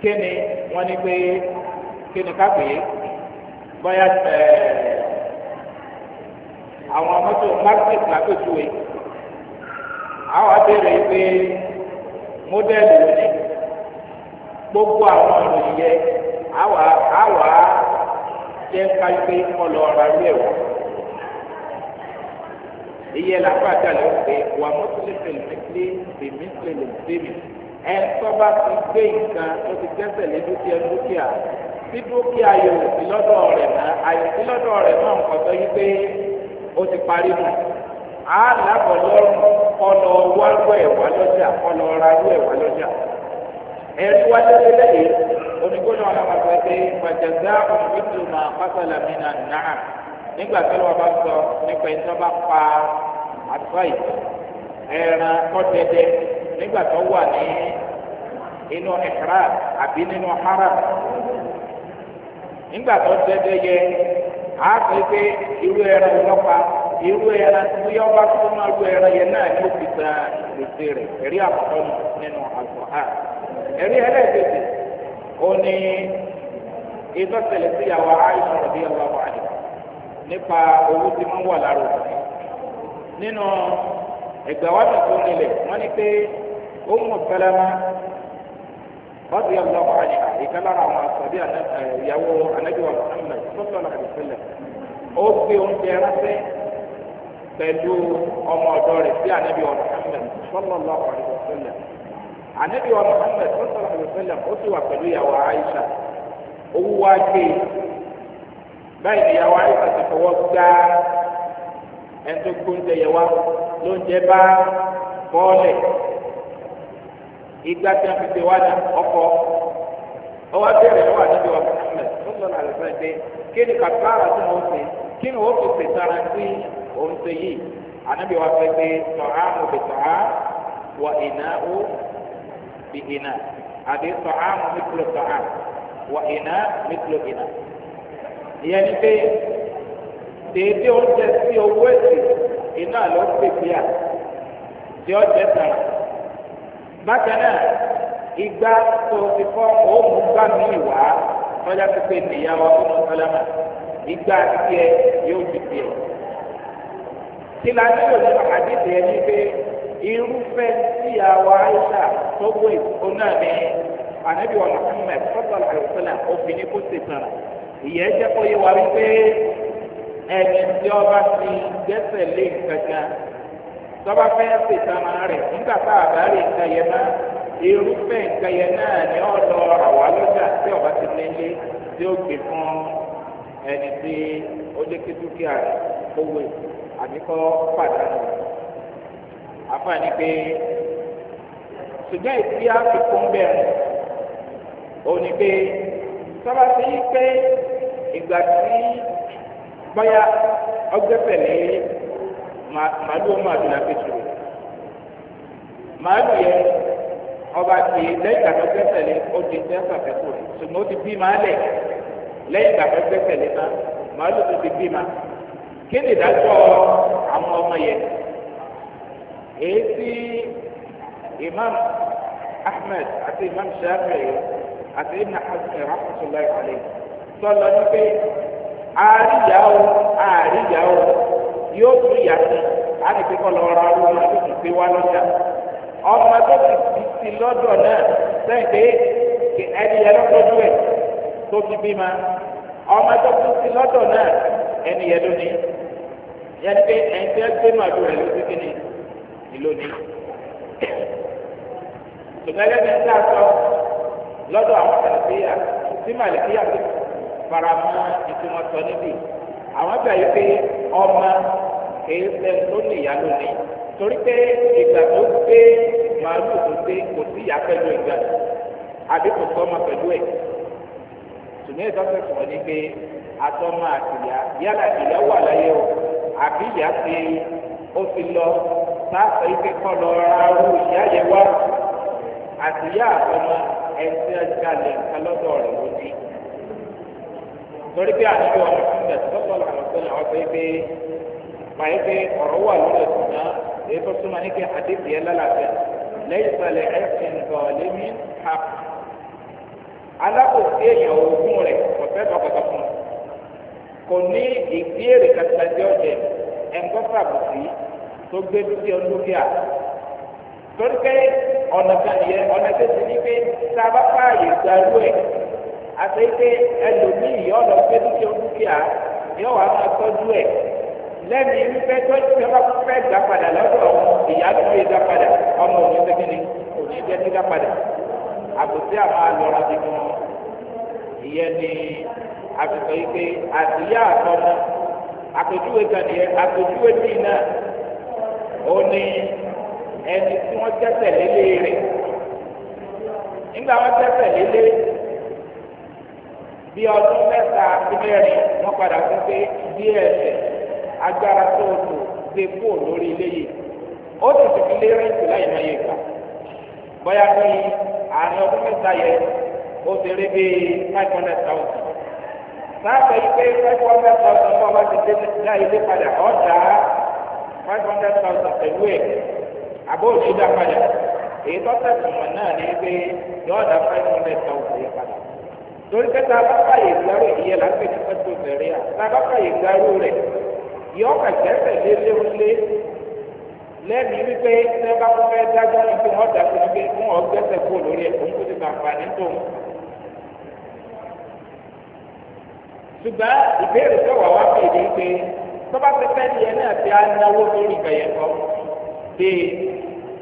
kí ni wọ́n ní pé kí ni ká pè é àwọn mọ́tò market lápẹ̀tùwé àwọn abẹ́rẹ́ pé mọ́dẹ́lì gbogbo àwọn yẹ jẹ́ káyipé ọlọ ara rí ẹ̀wọ̀. Iye làbàjá lè pè wà mọ́tòlè pèlèmẹ́tìlé pèmítìlè lèmí. Ẹ sọ́ba ti gbé nǹkan tó ti gbẹ́sẹ̀ lé dúkìá dúkìá. Tí dúkìá yòó sí lọ́dọ̀ rẹ̀ náà, àyè sí lọ́dọ̀ rẹ̀ náà nǹkan tó yí pé ó ti parí nù. Á làbọ̀ lọ́rùn kọlọ wárú ẹ̀wà lọ́jà kọlọ ra rú ẹ̀wà lọ́jà. Ẹ̀rí wájú lélẹ́yìn onígbóná ọlọ́mọdé pé gbàjàdá òmùbùdù máa pásálà mí nà nàá nígbà tí wọn bá sọ nípa ìtọ́ bá pa àtúbáyì ẹran kọ́dẹ́dẹ́ nígbà tó wà ní inú ìhra àbí nínú haram nígbà tó dẹ́dẹ́ yẹ á sọ pé irú ẹran ọlọ́pàá irú ẹran tí yọ bá tó máa lu ẹran yẹn náà ní òkúta ìrètí rẹ̀ ẹ̀rí àkọ́kọ́ nínú àlùfáà ẹ̀rí ẹlẹ́ẹ̀kejì ó ní ètò ìṣẹ̀lẹ̀ sí ìyàwó Aisha rọ̀bí ọ̀la wà ní nípa owó tí wọ́n wà lára òkè nínú ẹgbẹ̀wá mi tó nílẹ̀ wọ́n ní pé Ummu Salama rọ̀bí ọ̀la wà ní ìkálára àwọn àtọ̀bí ìyàwó anábìwà Muhammad sọ́sọ́lá àdìsílẹ̀ ó gbé oúnjẹ ránṣẹ́ pẹ̀lú ọmọ ọ̀dọ́ rẹ̀ sí anábìwà Muhammad sọ́lọ́lá àdìsílẹ̀ anábìwà Muhammad sọ́sọ́lá àdìsílẹ̀ ó ti wà pẹ̀lú ìyàwó Aisha owó wa gbé báyìí ìyàwó àyíká ti fọwọ́ gbá ẹtú gbóúnjẹ yẹ wá lóúnjẹ bá bọ́ọ̀lẹ̀ ìgbà tí wọ́n fi ṣe wá ní ọkọ̀ ọwọ́ abẹ́rẹ́ ọwọ́ àdébí wa mọ̀lẹ́ tó lọ́nà àlùfáà gbé kí ni kàtàrà tó ń ṣe kí ni wọ́n fi ṣe sára sí òun ṣe yìí ànábì wa fẹ́ gbé tọ̀há mo fi tọ̀há wọ ìná ó fi àbí tọ̀há mo fi kúrò tọ̀há wà iná mẹtìlọ ni pé dèédé oúnjẹ sí owó èsì iná ló ń pèsè à tí ó jẹ tàn bákan náà igba tó ti fọ òun gbà mí wá tọ́jà tó pé nìyàwó ọmọ igba tiẹ̀ yóò ti tiẹ̀ tí la nílò nínú àdìsẹ́ yẹn ni pé irúfẹ́ tíyàwó àìsà tó wé onáà ní. anabi wa muhammed sọ́tàlá àlùsọ́là obìnrin kò ṣe tàn ìyẹn jẹ́ kó wípé ẹni tí ti gbẹ́sẹ̀ lé nǹkankan tọ́ba fẹ́ ṣe tàmà rẹ̀ nígbà tá a bá rí nǹkan náà irúfẹ́ nǹkan náà ni lọ tí ọba ti nílé tí ó gbé fún ẹni tí ó jẹ́ kí rẹ̀ kó àbíkọ́ pàdánù àfààní pé ṣùgbọ́n ìdí àfikún bẹ́ẹ̀ òní pé sábà ti yí pé ìgbà tí báyà ọgbẹ́fẹ̀ ní màálù ọmọ màálù yẹn ọba ti lẹ́yìn ìgbà tó gbẹ́fẹ̀ lé ó di tẹ́sà fẹ́kù rẹ̀ ṣùgbọ́n ó ti bí màá lẹ̀ lẹ́yìn ìgbà tó gbẹ́fẹ̀ lé náà màálù tó ti imam ahmed àti imam shafi'i. àti ibn hasan rahmatulahi alayhi sọlọ ní pé àríyáwó àríyáwó yóò tún yàtọ̀ àti pé kọlọ ọ̀rọ̀ àwọn ọmọ tó ti gbé wá lọ́jà ọmọ tó ti fi ti lọ́dọ̀ náà sẹ́yìn pé ẹni yẹn lọ́kọ́jú ẹ̀ tó fi bí ma ọmọ tó ti ti lọ́dọ̀ náà ẹni yẹn ló ní yẹn pé ẹni tẹ́ gbénu àdó rẹ̀ ló ti kí ni ìlú ni. tòmẹ́lẹ́ni ń dá sọ lọ́dọ̀ àwọn kàlùfíà tí màlìkíyà ti fara mọ́ ìtumọ̀ sọ níbí àwọn gbà yí pé ọmọ kìí ṣe tó ní ìyá lónìí torí pé ìgbà tó gbé màálù tó gbé kò sí ìyá pẹ̀lú ìgbà àbí kò sọ́mọ pẹ̀lú ẹ̀ tùmí ìtọ́sẹ̀ sọ̀rọ̀ ní pé atọ́mọ àtìyá yálà ìyá wà láyé o àbí ìyá ti ó ti lọ sáà sọ ike kọ́ lọ ra ru ìyá yẹn wá àtìyá àtọmọ ẹsẹ̀ ẹ̀dínkàlẹ̀ kálọ́dọ̀ rẹ̀ ló ní. torí pé àṣìṣe ọ̀nà fún ìdàtí tọ́tọ̀ làwọn tó làwọn fẹ́ pé wáyé pé ọ̀rọ̀ wà lórí ẹ̀sùn náà èyí tó súnmọ́ ní kí àdébìyẹ lálàáfíà lẹ́yìn ìsàlẹ̀ ẹ̀sìn gọ̀ọ́lẹ́mí hàp. alákòóso èèyàn òògùn rẹ̀ kò fẹ́ tọkọtọ fún un kò ní ìbéèrè kàtàkì ọ̀jẹ̀ ẹ̀ńgọ́fà bùsí tó gbé dúkìá dúkìá torí pé ọ̀nà kan yẹ ọ̀nà kejì ní pé tá a bá fààyè gbarú ẹ̀ àti pé ẹlòmíì yọ lọ pé dúkìá dúkìá yọ wà máa tọ́jú ẹ̀ lẹ́mìí wípé tọ́jú ẹ bá fẹ́ gbà padà lọ́dọ̀ ìyá ló fi gbà padà ọmọ òní sẹ́kìnì òní jẹ́ ti gbà padà àbùsí àwọn alọ́ra ti gan ìyẹn ni àfihàn yìí pé àdìyá àtọ́mọ àpèjúwe kan nìyẹn àpèjúwe bíi náà ó ní tẹ́sẹ̀ lélẹ̀ rẹ̀ nígbà wọn tẹ́sẹ̀ lélẹ̀ bí ọdún mẹ́ta sí mẹ́rin wọ́n padà sí pé bí ẹsẹ̀ agbára tó o lò gbé kúrò lórí ilé yìí ó sì ti fi lé rẹ́ǹtì láì mọ iye gbà bóyá bí àárín ọdún mẹ́ta yẹ ó ti rí bí five hundred thousand sáàpẹ̀ yìí pé five hundred thousand bọ́ọ̀ bá ti dé ilé padà ọ̀dà five hundred thousand pẹ̀lú ẹ̀ àbó òní dá padà èyí tó tẹ̀sán mọ̀ náà ní pé yọ̀ọ́ dá five hundred thousand yẹn padà torí kẹta abáfàyè ìgbàrú ìyẹn là ń pè ní pẹ́tò bẹ̀rẹ̀ à tá abáfàyè ìgbàrú rẹ̀ yọ̀ọ́ kẹ̀kẹ́ tẹ̀lé léwúlé lẹ́nu wípé ṣé bá fún fẹ́ dájọ́ ní pé wọ́n dà sí wípé fún ọgbẹ́sẹ̀ kó lórí ẹ̀ òun kò ti sàǹfààní tó ṣùgbọ́n ìbéèrè tó wà wá pè ní pé tọ́ba ni ẹ náà ti á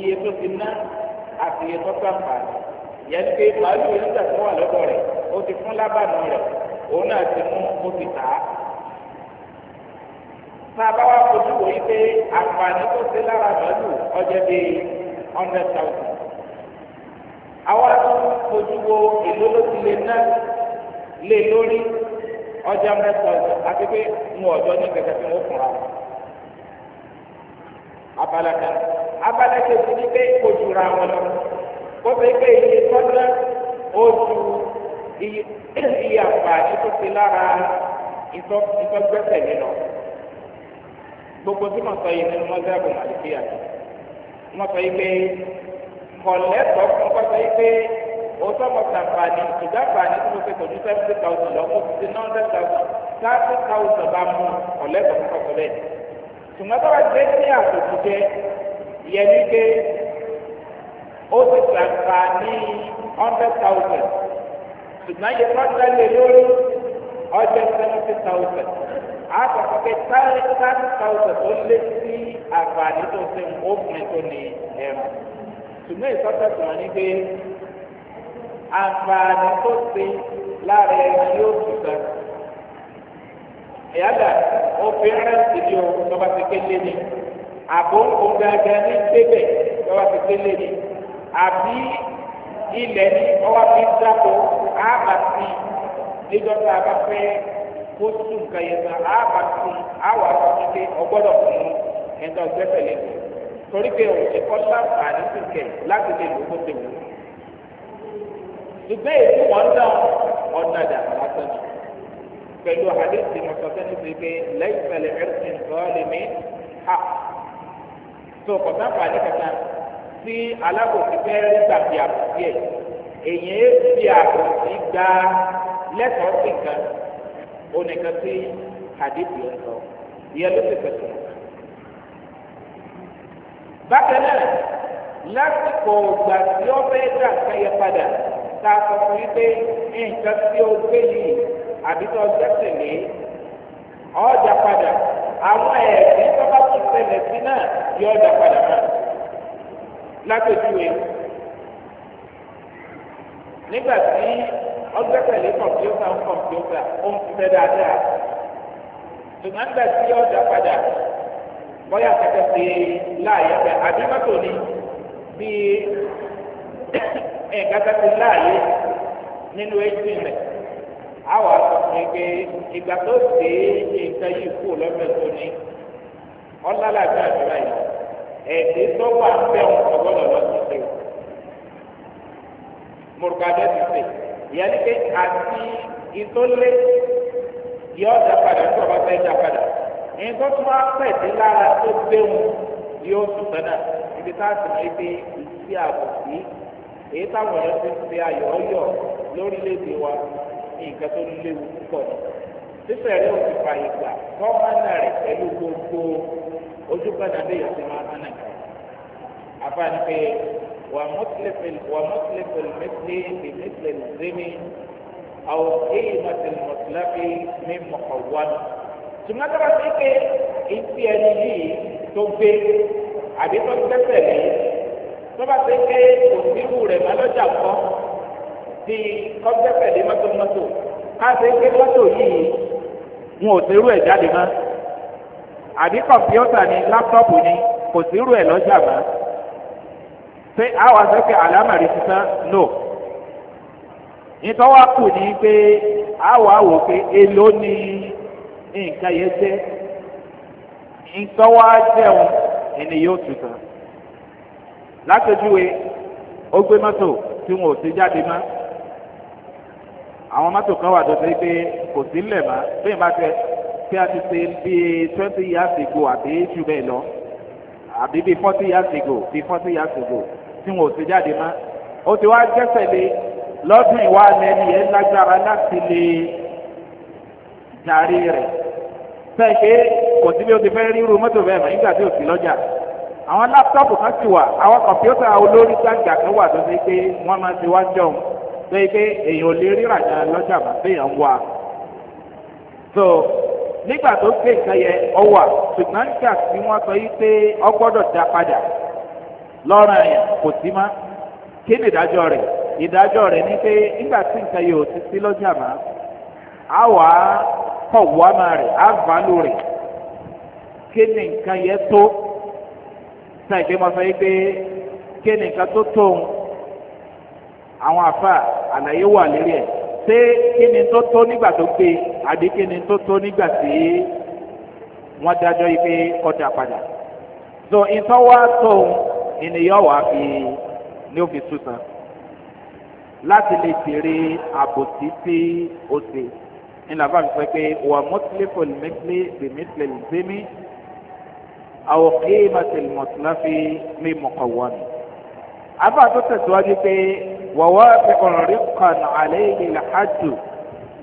iye tó ti ná àti iye tó tó àǹfààní yẹn pé màálù onígbà tó wà lọ́dọ̀ rẹ̀ ó ti fún lábàánú rẹ̀ òun náà ti mú ó ti tà á. tá a bá wá fojú wò yí pé àǹfààní tó ṣe lára màálù ọjọ́ bíi hundred thousand. àwa tó fojú wo èlò ló ti lè ná lé lórí ọjọ́ hundred thousand àti pé mo ọ̀dọ́ ní kẹ̀kẹ́ tí mo fún abala kan abala kejì ní pé kò jura wọn lọ ó fi pé iye tọ́lá ó ju iye àǹfààní tó ti lára ìtọ́gbẹ́sẹ̀ mi lọ gbogbo tí wọn sọ yìí nínú mọ́sáàbù màlìkíyà wọn sọ yìí pé kọ̀lẹ́tọ̀ fún wọn sọ yìí pé òótọ́ mọ̀ sàǹfààní ìdáǹfààní tí mo fi kò ní seventy thousand lọ mo fi nine hundred thousand thirty bá mú kọ̀lẹ́tọ̀ fún wọn sọ bẹ́ẹ̀ tùmọ̀tọ́ wa yẹn ní pé ó ti gbàgbà ní hundred thousand ṣùgbọ́n yẹ kọ́ńtà lè lórí ọjọ́ seventy thousand àkọ́kọ́ pé thirty thousand ó lé sí àǹfààní tó ṣe ń obìnrin tó ní ẹ̀rọ ṣùgbọ́n ìsọ́tọ̀ tó ní pé àǹfààní tó ṣe lára ẹni yóò tún sọ ìyá ó fi rẹ́ǹtì ní o tó bá ti kéde ní àbò ògàgà ní gbébẹ̀ lọ́wọ́ ti gbélé ni àbí ilẹ̀ ní ọwọ́ fi ń dáko àbà sí níjọ́ tá a bá fẹ́ kó sùn kàyẹ̀ tán àbà sí àwọ̀ àti kíké ọgbọ́dọ̀ fún ẹ̀ńtà ọ̀gbẹ́sẹ̀lẹ̀ torí pé òun ti kọ́ sáfà ní sùkẹ̀ láti lè lò ó tẹ̀wé. ṣùgbọ́n èyí wọ́n ń dán ọ̀nà dà lásán ni pẹ̀lú àdéhùn ìmọ̀sọ̀tẹ́ni ti pé lẹ́yìn pẹ̀lẹ́ ẹ̀rùn tó kọ̀tà fàdé kẹta tí alábòsí fẹ́ rí gbàgbé àbùsí ẹ̀ èyàn é fi àbùsí gba lẹ́tọ̀ọ́ sí nǹkan onìkan sí àdébì ẹ̀ lọ ìyẹn ló ti pẹ̀sẹ̀. bákan náà lásìkò ògbà tí ó fẹ́ dà kẹyẹ padà tá a sọ fún yín pé nǹkan tí ó gbé yìí àbí tó gbẹ́sẹ̀ lé ọjà padà àwọn ẹ̀ẹ́dì bá ṣẹlẹ̀ sí náà yọ ọ̀dà padà náà lápẹ̀júwe nígbà tí ọgbẹ́kẹ̀lé kọ̀m̀pútà ń kọ̀m̀pútà ó ń fẹ́ dáadáa ṣùgbọ́n nígbà tí ọ̀dà padà bọ́yá kẹ̀kẹ́ sí láàyè bẹ́ẹ̀ àbí mọ́tò ni bíi ẹ̀ka kẹ̀kẹ́ láàyè nínú ẹ̀jú rẹ̀ àwọn àtọ̀kùnrin pé ìgbà tó dé nǹkan yìí kú lọ́fẹ̀ẹ́ tó ní ọlọ́lá àti àdúrà yìí ẹ̀ẹ́dẹ́ tó wà ń bẹ̀ wọn ọgbọ́dọ̀ lọ sí ṣe mùrùkàdé ti ṣe ìyá ní pé àti ìtólé yọ ọjà padà tó ọba fẹ́ jà padà nǹkan tó wá pẹ̀dé lára tó gbé wọn yóò tún sọ́nà ibi tá a sì máa gbé ìsí àbòsí èyí táwọn èèyàn ti ń ṣe ayọ̀ ọyọ̀ lórílẹ̀‐èdè wa ní nǹkan tó léwu púpọ̀ ní sísẹ̀rí òsì fàyè gbà gọ́ọ̀mánà rẹ̀ pẹ̀lú gbogbo ojú padà bí yàtí máa ń hànà kan àfààní pé wà mọ́tìlẹ́fẹ̀lì mẹ́tìlẹ́ ìmẹ́tìlẹ́ nìzẹ́mi àwọn èyí mọ́tìlẹ́ mọ́tìlẹ́fẹ̀ mi mọ̀kọ̀ wá nù. tùmọ́tàbà sí pé ìtì ẹni yìí tó gbé àbí tó gbẹ́sẹ̀ lé tọ́ba sí pé òsínwó rẹ̀ má lọ́jà kọ́ ti kọ́gbẹ́sẹ̀ lé mọ́tòmọ́tò ká sí pé mọ́tò yìí wọn ò ẹ̀ jáde mọ́ àbí kọ̀mpútà ni láptọ́pù ni kò sí irú ẹ̀ lọ́jà mọ́ ṣé àwọn àṣẹ́kẹ́ àlámàrí sísan no nítorí wàá kù ní pé àwọn àwò pé èlò ni nǹkan yẹn jẹ́ nǹkan wá jẹun ẹni yóò tuntun látọjúwe ó gbé mọ́tò tí wọn ò sí jáde mọ́ àwọn mọ́tò kan wà tó ṣe pé kò sí lẹ̀ mọ́ bẹ́ẹ̀ bá tẹ tí a ti ṣe bíi twenty years ago àbí jù bẹ́ẹ̀ lọ àbí bíi forty years ago bíi forty years ago tí wọn ò ti jáde mọ́ ó ti wá gẹ́sẹ̀ lé lọ́dún ìwà nẹ́ni yẹn lágbára láti lè darí rẹ̀ sẹ́ẹ̀kẹ́ kò sí bí ó ti fẹ́ ríru mọ́tò bẹ́ẹ̀ mọ́ nígbà tí ò sí lọ́jà àwọn lápútọ́ọ̀pù kan ti wà àwọn kọ̀mpútà olórí gbàgbà kan wà tó ṣe pé wọ́n máa ti wá jọun tó ṣe pé èèyàn ò lè ríra gan lọ́jà so nígbà tó gbé nǹkan yẹn ọwà ṣùgbọ́n nígbà tí wọ́n sọ yìí pé ọgbọ́dọ̀ dá padà lọ́rùn kò sí mọ́ kí ni ìdájọ́ rẹ̀ ìdájọ́ rẹ̀ ni pé nígbà tí nǹkan yìí ò ti sí lọ́jà wà á kọ̀ rẹ̀ á rẹ̀ kí ni tó mọ́ sọ kí ṣé kí ni tó tó nígbà tó gbé àbí kí ni tó tó nígbà tí wọ́n dájọ́ yìí pé ọjà padà so ìtọ́wá tóun ènìyàn wà fi ní òfin tútàn láti lè jèrè àbòsí tí ó ṣe ńlá bá mi sọ pé wà mọ́tílẹ̀ fọlùmẹ́tìlẹ̀ bèmítìlẹ̀ lùsẹ́mi àwọn kéèmà tẹ̀lé mọ̀tìláfi mímọ̀kọ̀wọ́nì. àbá tó tẹ̀síwájú pé ووافق رقا عليه الحج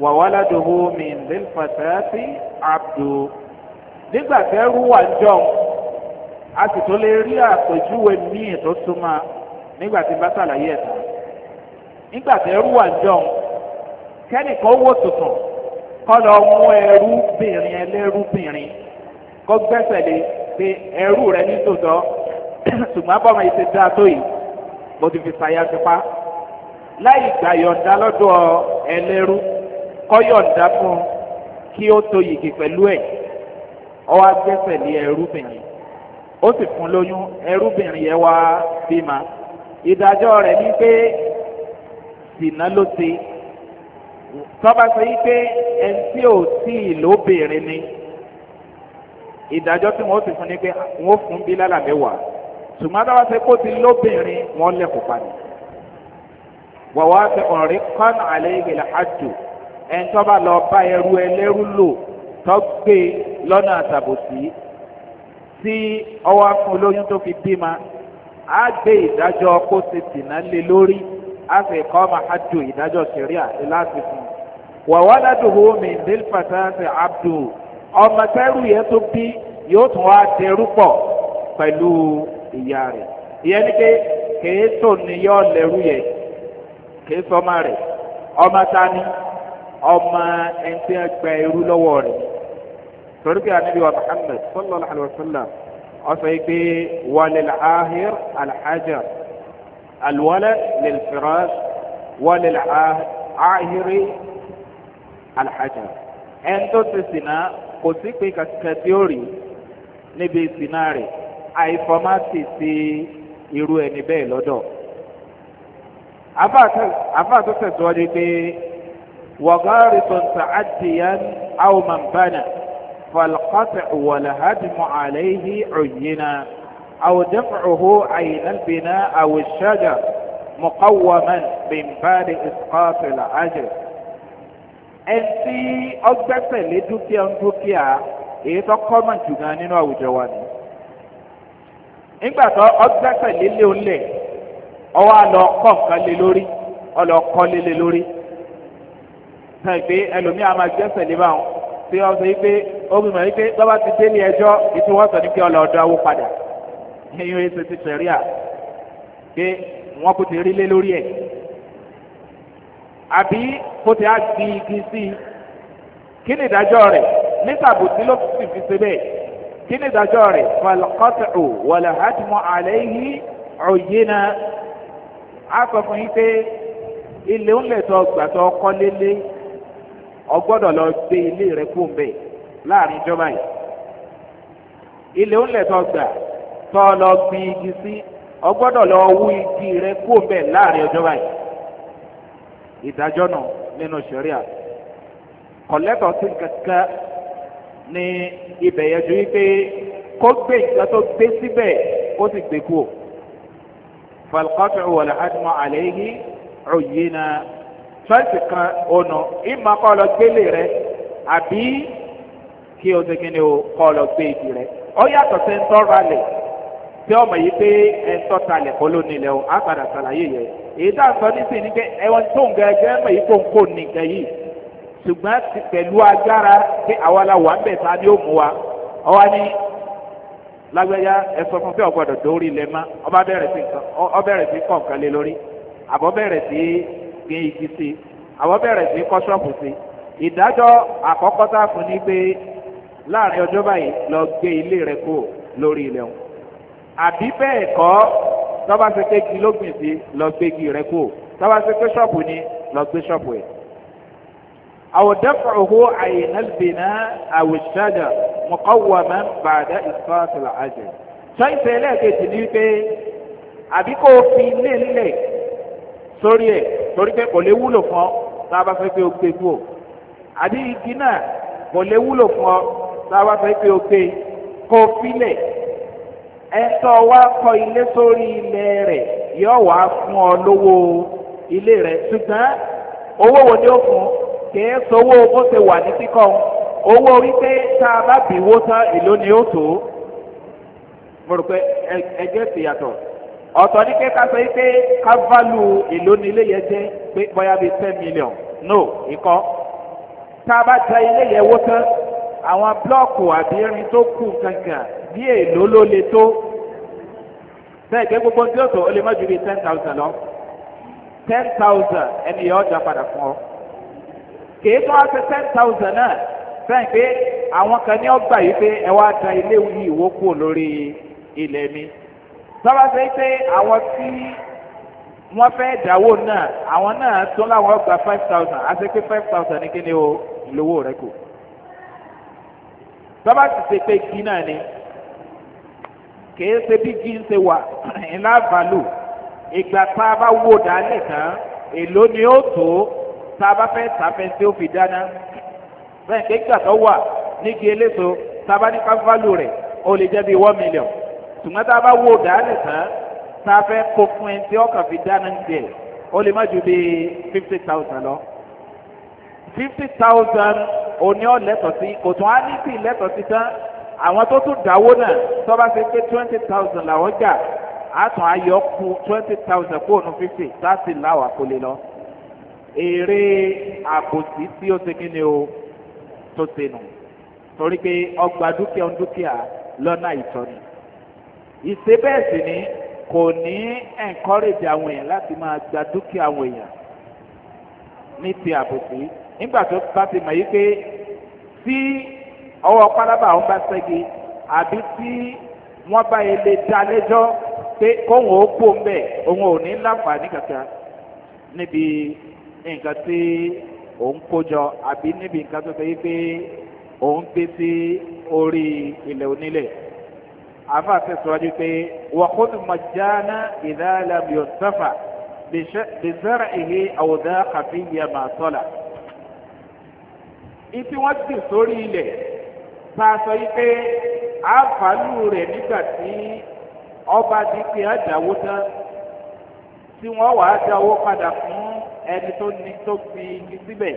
وولده من ذي الفتاة عبد nígbà tẹ rú wà jọun a sì tó lè rí àpèjúwe míì tó súnmọ́ nígbà tí bá ṣàlàyé ẹ̀ tán nígbà tẹ rú wà jọun kẹ́nìkan wò tuntun kọ́ lọ mú ẹrúbìnrin ẹlẹ́rúbìnrin kó gbẹ́sẹ̀ lé pé ẹrú rẹ ní tòótọ́ *clears throat* ṣùgbọ́n bọ́mọ yìí ti dáa tó yìí mo ti fi ṣàyà tipa láì gbà yọ̀ǹda lọ́dọ̀ ẹlẹ́rú kọ́ yọ̀ǹda fún kí ó to yìgì pẹ̀lú ẹ̀ ọwọ́ agbẹ́sẹ̀ lé ẹrúbìnrin ó sì fún lóyún ẹrúbìnrin yẹn wá bímọ ìdájọ́ rẹ̀ ní pé sìnà ló ti tọ́ba sọ yí pé ẹni tí ò tí ì lóbìnrin ni ìdájọ́ tí wọ́n sì fún ni pé wọ́n fún bí lálàmẹ́wàá ṣùgbọ́n tọ́ba sọ pé ó ti lóbìnrin wọ́n lẹ́kọ̀ọ́ pa wọ̀wọ́ fi ọ̀rẹ́ kọ́n àlẹ́ ìgbèlè àjò ẹni tó bá lọ bá ẹrú ẹlẹ́rú lò tó gbé lọ́nà àtàbòsí tí ọwọ́ fún olóyún tó fi bímọ á gbé ìdájọ́ kó ti tìǹà lé lórí á sì kọ́ ọmọ àjò ìdájọ́ sẹ̀ríà láti fún un. wọ̀wọ́ ládùúgbò mi nílùfàtà ṣe abdu ọmọ tẹ́rù yẹn tó bí yóò tún wá dẹrú pọ̀ pẹ̀lú ìyá rẹ̀ ìyẹn ni pé kèé tó ní yọ lẹ́rú yẹn kìí sọmọ rẹ̀ ọmọ tani ọmọ ẹntì ẹgbẹ́ irú lọ́wọ́ rẹ̀ torí pé anabi wa muhammed sallallahu alayhi wa sallam ọsọ yìí pé wàlẹ̀ ahir alhajar alwalẹ̀ lẹ́lfẹ̀rẹ́s wàlẹ̀ ahir alhajar ẹ̀ńtọ́ ti sìnà kò sí pé kàkà tí ó rí níbi sìnà rẹ̀ àìfọ́mátì sí irú ẹni bẹ́ẹ̀ lọ́dọ̀ afa tó tẹ̀síwájú pé wàgáàrí tó ń ta àdìyàn àwòmàmbánà falkọ́tà wàlàhàdìmọ̀ àlẹ́yìí ọ̀yìnà àwòdẹ́fọ̀ọ́hó àyìnàbìnà àwòṣájà mọ̀kọ́wọ́mọ́ bìnbáàdì ìsọ́tìlà àjẹ́ ẹtí ọgbẹ́sẹ̀lé dúkìá ń dúkìá èyí tó kọ́mọ̀ jù gan nínú àwùjọ wa ni. nígbà tó ọgbẹ́sẹ̀lé lé òun lẹ̀ ọwọ́ àlọ́ kọ̀ọ̀kan lé lórí ọlọ́ kọ́lé lé lórí náà pé ẹlòmíì a máa gbẹ́sẹ̀ lé báwọn tí wọ́n sọ pé ó bí mọ̀ pé tọ́ba ti délé ẹjọ́ ìtiwọ́sọ̀ ní pé ọlọ́ọ̀dọ́ awó padà ẹ̀yin oye ṣe ti tẹ̀rí à pé wọ́n kò ti rí lé lórí ẹ̀ àbí kò ti á di igi sí i kí ni ìdájọ́ rẹ̀ nísàbòtí ló sì fi ṣe bẹ́ẹ̀ kí ni ìdájọ́ rẹ̀ falakọ́tù wàlàhàtìmọ̀ àlẹ́ yìí ọ̀yẹ́nà a sọ fún pé ilé ń lè tọ lọ gbé ilé rẹ kó ń láàrin ìjọba yìí ilé ń lè tọ gbà tọ lọ igi rẹ láàrin ìjọba yìí ìdájọ́ nù nínú sẹ́ríà kọ̀lẹ́tọ̀ kankan ní ibẹ̀ yẹn ju gbé ìgbà فالقطع والعدم عليه عينا فالفقه أنه إما قال قبل àbí kí o ṣe kíni o kọ́ lọ gbé ibi rẹ̀ ọ yàtọ̀ sí ń tọ́ra lẹ̀ tí ọmọ yìí pé ẹ ń tọ́ta lẹ̀ kó ló nílẹ̀ o á padà ṣàlàyé yẹ èyí tá à ń sọ ní sìn ní pé ẹwọn tó ń gẹ́gẹ́ mọ̀ yìí kó ń kó nìkan yìí ṣùgbọ́n pẹ̀lú agbára pé àwa la wà ń bẹ̀ ta ni ó mú wa ọwọ́ ni lágbẹ́yà ẹ sọ fún pé ọ̀gbọ́dọ̀ dórí ilẹ̀ má ọba bẹ̀rẹ̀ sí ọbẹ̀rẹ̀ sí kọ̀ọ̀kan lé lórí àbọ̀ bẹ̀rẹ̀ sí gbin igi sí àbọ̀ bẹ̀rẹ̀ sí kọ́ ṣọ́ọ̀bù sí ìdájọ́ àkọ́kọ́ tá a fún ni pé láàrin ọjọ́ báyìí lọ gbé ilé rẹ kó lórí ilẹ̀ wọn àbí bẹ́ẹ̀ kọ́ tọ́ba ṣe pé igi ló gbìn sí lọ gbé igi rẹ kó tọ́ba ṣe pé ni lọ gbé ṣọ́ọ̀bù ẹ̀ أو دفعه عين البناء أو الشجر مقوما بعد إسقاط العجل ṣáì tẹ́lẹ̀ kejì ní pé àbí kò fi ilé ńlẹ̀ sórí ẹ̀ torí pé kò lè wúlò fún ọ tá a bá fẹ́ pé o gbé kú o àbí igi náà kò lè wúlò fún ọ tá a bá fẹ́ pé o gbé kò filẹ̀ ẹ̀tọ́ wa kọ ilé sórí ilẹ̀ rẹ̀ yóò wá fún ọ lówó ilé rẹ̀ ṣùgbọ́n owó wo ni ó fún ọ kèé sowó bó ṣe wà ní kíkọ́ owó wípé tá a bá bì wó tán èló ni ó tó mo rò pé ẹgbẹ́ ti yàtọ̀ ọ̀tọ̀ ní pé ká sọ wípé ká válù èló ni ilé yẹn jẹ́ pé bóyá bíi ten million no ìkọ́ tá a bá da ilé yẹn wó tán àwọn blọọkù àbí irin tó kù kankan bí èló ló le tó bẹ́ẹ̀ gẹ́gẹ́ gbogbo ní ọ̀tọ̀ ó lè má ju bíi ten thousand lọ ten thousand ẹni yẹn ọjà padà fún ọ kèé tó wá ṣe ten thousand náà sẹ́yìn pé àwọn kan ní ọgbà yìí pé ẹ wá da ilé yìí wó kúrò lórí ilẹ̀ mi sábà ṣe pé àwọn tí wọ́n fẹ́ dáwó náà àwọn náà tó láwọn ọgbà five thousand àti pé five thousand ní kíni o lówó rẹ kù sábà ti ṣe pé gí náà ni kèé ṣe bí gí ń ṣe wà ńlá *clears throat* bàálù ìgbà tá a bá wò dálẹ̀ tán èló ni ó tó tá a bá fẹ́ tàfẹ́ tí ó fi dáná bẹ́ẹ̀ kéka tó wà nígi eléso tá a bá ní káfíńfàlù rẹ̀ ó lè jẹ́ bí one million ṣùgbọ́n tá a bá wò dáálẹ̀ tán tá a fẹ́ kó fún ẹ tí ọkàn fi dáná ń jẹ ó lè má ju bí fifty thousand lọ fifty thousand òní ọ̀lẹ́tọ̀ sí kò tún á ní sí ìlẹ́tọ̀ sí tán àwọn tó tún dáwó náà tó bá ṣe pé twenty thousand làwọn gbà á tún kú twenty thousand kó òun fifty láti láwàá kó lè lọ èrè àbòsí tí ó ṣe kíni o tó ṣe nù torí pé ọgbà dúkìá ń lọ́nà ìtọ́ni ìṣe bẹ́ẹ̀ sì ni kò ní encourage àwọn èèyàn láti máa gba dúkìá àwọn èèyàn ní ti àbòsí nígbà tó bá ti mọ̀ yí pé tí ọwọ́ pálábà àwọn bá ṣẹ́gi àbí tí wọ́n bá yẹ lè dá lẹ́jọ́ pé kóhùn ó kú òun bẹ́ẹ̀ òun ò ní láǹfààní kankan níbi nǹkan tí òun kójọ àbí níbi nǹkan tó ṣe yí pé òun gbé sí orí ilẹ̀ onílẹ̀ àfa tẹ̀síwájú pé wàhùn mọ̀jáná ìdálàmì ọ̀sáfà bìsẹ́rẹ̀ èyí àwòdá kàfíyà máa sọ́là. ìtí wọ́n ti sórí ilẹ̀ tá a sọ yí pé àfàlù rẹ̀ nígbà tí ọba ti pé àdáwó tán tí wọ́n wàá dáwó padà fún ẹni tó ní tó fi igi síbẹ̀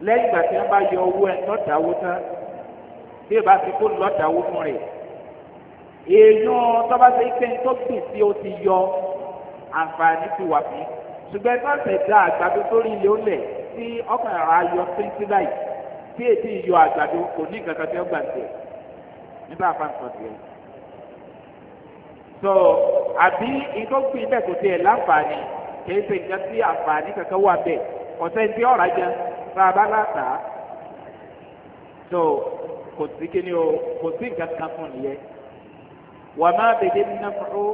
lẹ́yìn ìgbà tí wọ́n bá yọ owó ẹ̀ lọ́dàwó tán bí ìbá fi kó lọ́dàwó fún rẹ̀ èèyàn tọ́ba ṣe pé tó gbìn tí ó ti yọ àǹfààní ti wà fún ṣùgbọ́n ẹgbẹ́ àtẹ̀dá àgbàdo sórí ilé ó lẹ̀ tí ọkàn ara yọ pínpín báyìí tí èdè ìyọ àgbàdo kò ní nǹkan kan tí ó gbà tiẹ̀ nígbà àfàǹfà tiẹ̀ so àbí ìtọ́gbìn bẹ́ẹ̀ kò tiẹ̀ láǹfààní kìí ṣe nǹkan tí àǹfààní kankan wà bẹ́ẹ̀ ọ̀sẹ̀ tí ọ̀rá jẹ bá a bá láta tó kò sí kí ni o kò sí nǹkan kan fún nìyẹn wà má bèdé nàfọ́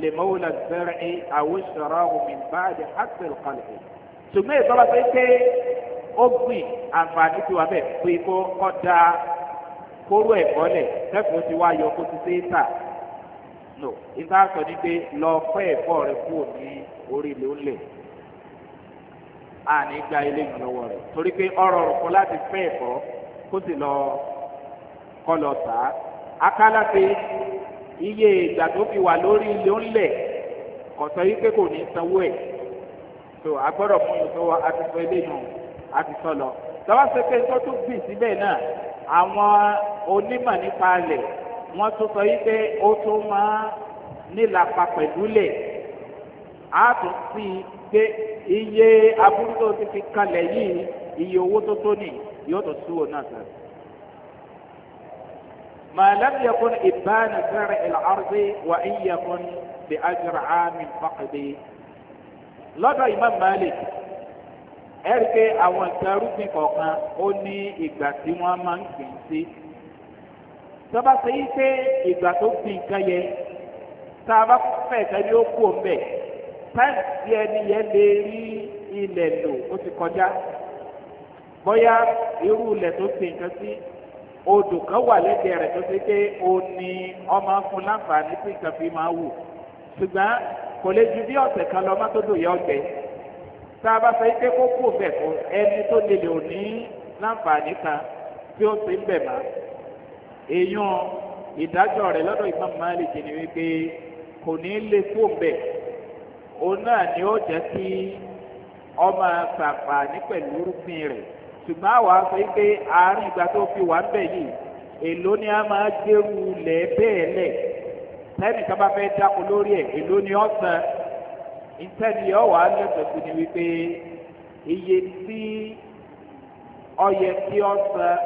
lè mọ́wòlá zẹ́rẹ̀ àwọn ìṣòro àwọn mìíràn àti àtẹ̀lù kalẹ̀ ṣùgbọ́n ìtọ́lá pé pé ó gbìn àǹfààní tí wà bẹ́ẹ̀ pé kó kọ́ kóró ẹ̀kọ́ lẹ̀ kẹ́kọ̀ọ́ ti wá yọ kó ti dé ta tó ìta sọ ni pé lọ fẹ́ ẹ̀fọ́ rẹ kúrò ní orí ilé ó lẹ̀ a ní gba ilé ìgbìmọ̀ rẹ̀ torí pé ọ̀rọ̀ ọ̀kan láti fẹ́ ẹ̀fọ́ kó sì lọ kọ́ lọ tà á akálà pé iye ìgbà tó fi wà lórí ilé ó lẹ̀ kọ̀tọ́ yìí pé kò ní sanwó ẹ̀ tó a gbọ́dọ̀ fún yòókù wa a ti sọ ilé yàn a sọ lọ lọ́wọ́ sọ pé tó gbìn síbẹ̀ náà àwọn onímọ̀ nípa alẹ̀ wọ́n tún sọ yí pé ó tún máa nílapa pẹ̀lúlẹ̀ á tún sí i pé iye aburú tó ti fi kalẹ̀ yìí iye owó tó tó nì yóò tún sú òun náà sẹ́yìn. ما لم يكن إبان زرع الأرض وإن يكن بأجر عام فقد lọ́dọ̀ imam malik ẹ̀rí pé àwọn ìgbàrúgbìn kọ̀ọ̀kan ó ní ìgbà tí wọ́n máa ń gbìn sí tọ́ba ṣe pé ìgbà tó fi nǹkan yẹ tá a bá fẹ́ ẹ̀ka ó kú òun bẹ̀ táìmù tí ẹni yẹn lè rí ilẹ̀ lò ó ti kọjá bóyá irú ilẹ̀ tó ṣe nǹkan sí odò kan wà lẹ́gbẹ̀ẹ́ rẹ̀ tó ṣe pé ó ní ọmọ fún láǹfààní tí nǹkan fi máa wù ṣùgbọ́n kò lè ju bí ọ̀sẹ̀ kan dò yẹ tá a bá pé kó kú fún ẹni tó ti ń bẹ̀ èèyàn ìdájọ́ rẹ̀ lọ́dọ̀ Imam Malik ni wípé kò ní lè kú òǹbẹ òun náà ni ó jẹ́ kí ọmọ pàpà ní pẹ̀lú rúgbìn rẹ̀ ṣùgbọ́n àwa sọ pé àárín ìgbà tó fi wà ń bẹ̀ yìí èló ni a máa gbèrú lẹ̀ bẹ́ẹ̀ lẹ̀ tẹ́nìkan bá fẹ́ dáko lórí ẹ̀ èló ni ó san ìtẹ́ni ọ̀wà lẹ́sọ̀ ni wípé iye tí ọyẹ tí ó san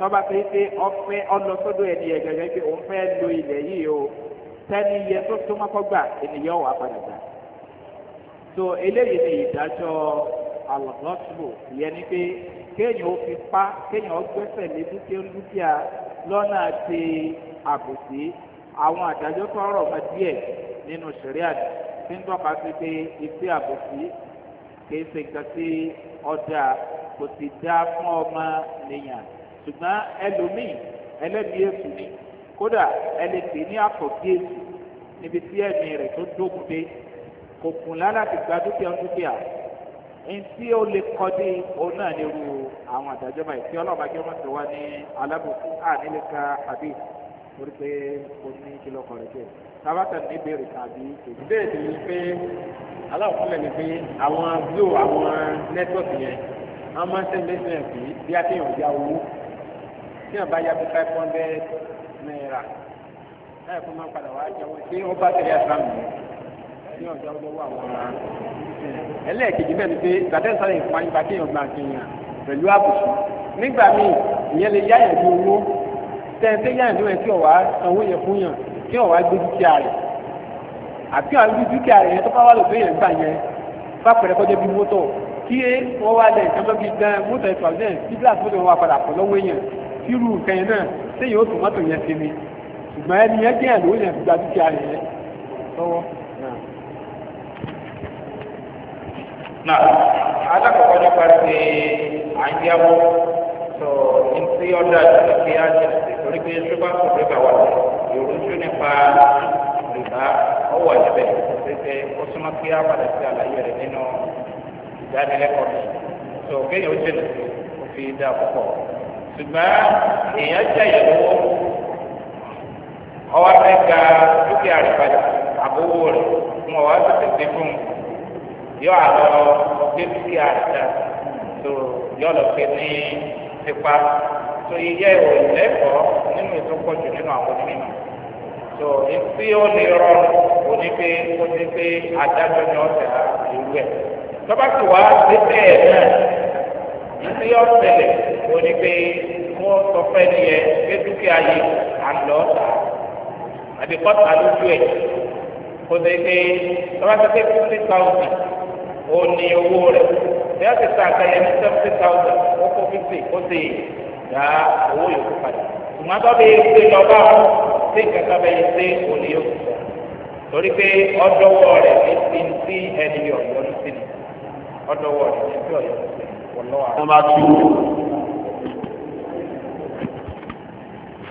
tọ́ba pé pé ọ̀fẹ́ ọlọ́sọ́dọ̀ ẹni yẹn gẹ́gẹ́ pé òun fẹ́ lo ilẹ̀ yìí o sẹ́ni yẹ tó tó má kọ́gbà ènìyàn wà padà gbà. so eléyìí ni ìdájọ́ alọ́sọ́dọ̀ ìyẹn ni pé kéèyàn ó fi pa kéèyàn ó gbẹ́sẹ̀ lé dúkìá dúkìá lọ́nà àti àbòsí àwọn àdájọ́ tó rọ̀ mọ́ díẹ̀ nínú sẹ̀ríà tí ń tọ́ka sí pé ìfẹ́ àbòsí kì í ṣe nǹkan tí ọjà kò sì dá fún ọmọ nìyàn ṣùgbọ́n ẹlòmíì ẹlẹ́bi èsù ni kódà ẹlẹ́bi ní àfọ̀bí èsù níbi tí ẹ̀mí rẹ̀ tó dógun dé kò kùn lára ti gba dúkìá dúkìá ntí ó lè kọ́dé òun náà ní irú àwọn àdájọ́ báyìí tí ọlọ́ọ̀bá kí wọ́n ti wá ní alábòsí ànílé ka àbí torí pé o ní kìlọ̀ kọ̀rẹ́ jẹ́ sábàtà ní ìbéèrè tàbí èyí. ìbéèrè ni pé aláwọ̀kọ́lẹ̀ ni pé àwọn glo àwọn nẹ́tíwọ̀kì yẹn wọ́n máa ń sẹ́ńdẹ́sẹ̀ bí bí a ya owó tí wọn bá yá bí five hundred naira láì fún máa padà wàá jáwé tí wọn bá tẹ̀lé àtàrà mi ní ọjà olówó àwọn ọmọ ẹlẹ́ẹ̀kejì bẹ́ẹ̀ ni pé gbàdẹ́sán yìí fún ayíba kéèyàn gba kéèyàn pẹ̀lú àbùsùn nígbà míì ìyẹn lè yáyàn ní owó tẹ̀sẹ̀ yáyàn ní wọn tí ọ̀wá sanwó yẹ fún yàn kí ọ̀wá gbé dúkìá rẹ̀ àbí àwọn ibi dúkìá rẹ̀ yẹn tó bá wà lóde yẹn gbà yẹn fápẹ̀rẹ̀ kọjá bí mọ́tò kí wọ́n wá lẹ̀ nǹkan mọ́ bíi dán mọ́tò ẹ̀fọ́ sírù nǹkan yẹn náà sẹ́yìn ó tòmátò yẹn sí mi ṣùgbọ́n ẹni yẹn jẹ́ àlòó yẹn gba dúkìá rẹ̀ yẹn lọ́wọ́. náà alákọ̀ọ́kọ́ nípa ti àyẹ̀wò sọ ní ọ̀dà ìdílé àjẹ torí pé ṣùgbọ́n kò rí bàwà ìrújú nípa rìbá ọwọ́ ẹ̀bẹ̀ pé ó súnmọ́ kí á padà sí àlàyé rẹ̀ nínú ìdánilẹ́kọ̀ọ́ so kéèyàn ó jẹ́ lè fi dá púpọ̀ ṣùgbọ́n èèyàn jẹ́ ìyàwó ọwọ́ fẹ́ ga dúkìá rẹ̀ padà àbówó rẹ̀ wọn wá tètè dé fún un yọ àlọ́ dé dúkìá rẹ̀ ta tó yọ lọ pé ní tipa tó yíyá ìwò ìlẹ́kọ̀ọ́ nínú ìtọ́kọ̀jù nínú àwọn onímọ̀ tó tí ó lè rọrùn òní pé ó ti pé adájọ́ ni ọ̀sẹ̀ la ìlú ẹ̀ tọ́ba tí dé bẹ́ẹ̀ náà ní ọ̀sẹ̀ lẹ̀ òní pé wọ́n sọ fẹ́ ni yẹ pé dúkìá yìí àlọ́ ta àbí kọ́ta lójú ẹ̀ kó lè dé lọ́wọ́ fifty thousand ó ní owó rẹ̀ bí wọ́n ti sàn kalẹ̀ ní seventy thousand ó kó fifty ó sì dá owó yòókù padà ṣùgbọ́n bí ṣe lọ́ba ṣé kankan bẹ́ẹ̀ ṣe òní yóò sọ torí pé ọdọwọ rẹ̀ ti ń sí ẹni ọ̀yọ́ ní sílẹ̀ ọdọwọ rẹ̀ ní ti ọ̀yọ́ ní sílẹ̀ wọ́n lọ́wọ́ àwọn.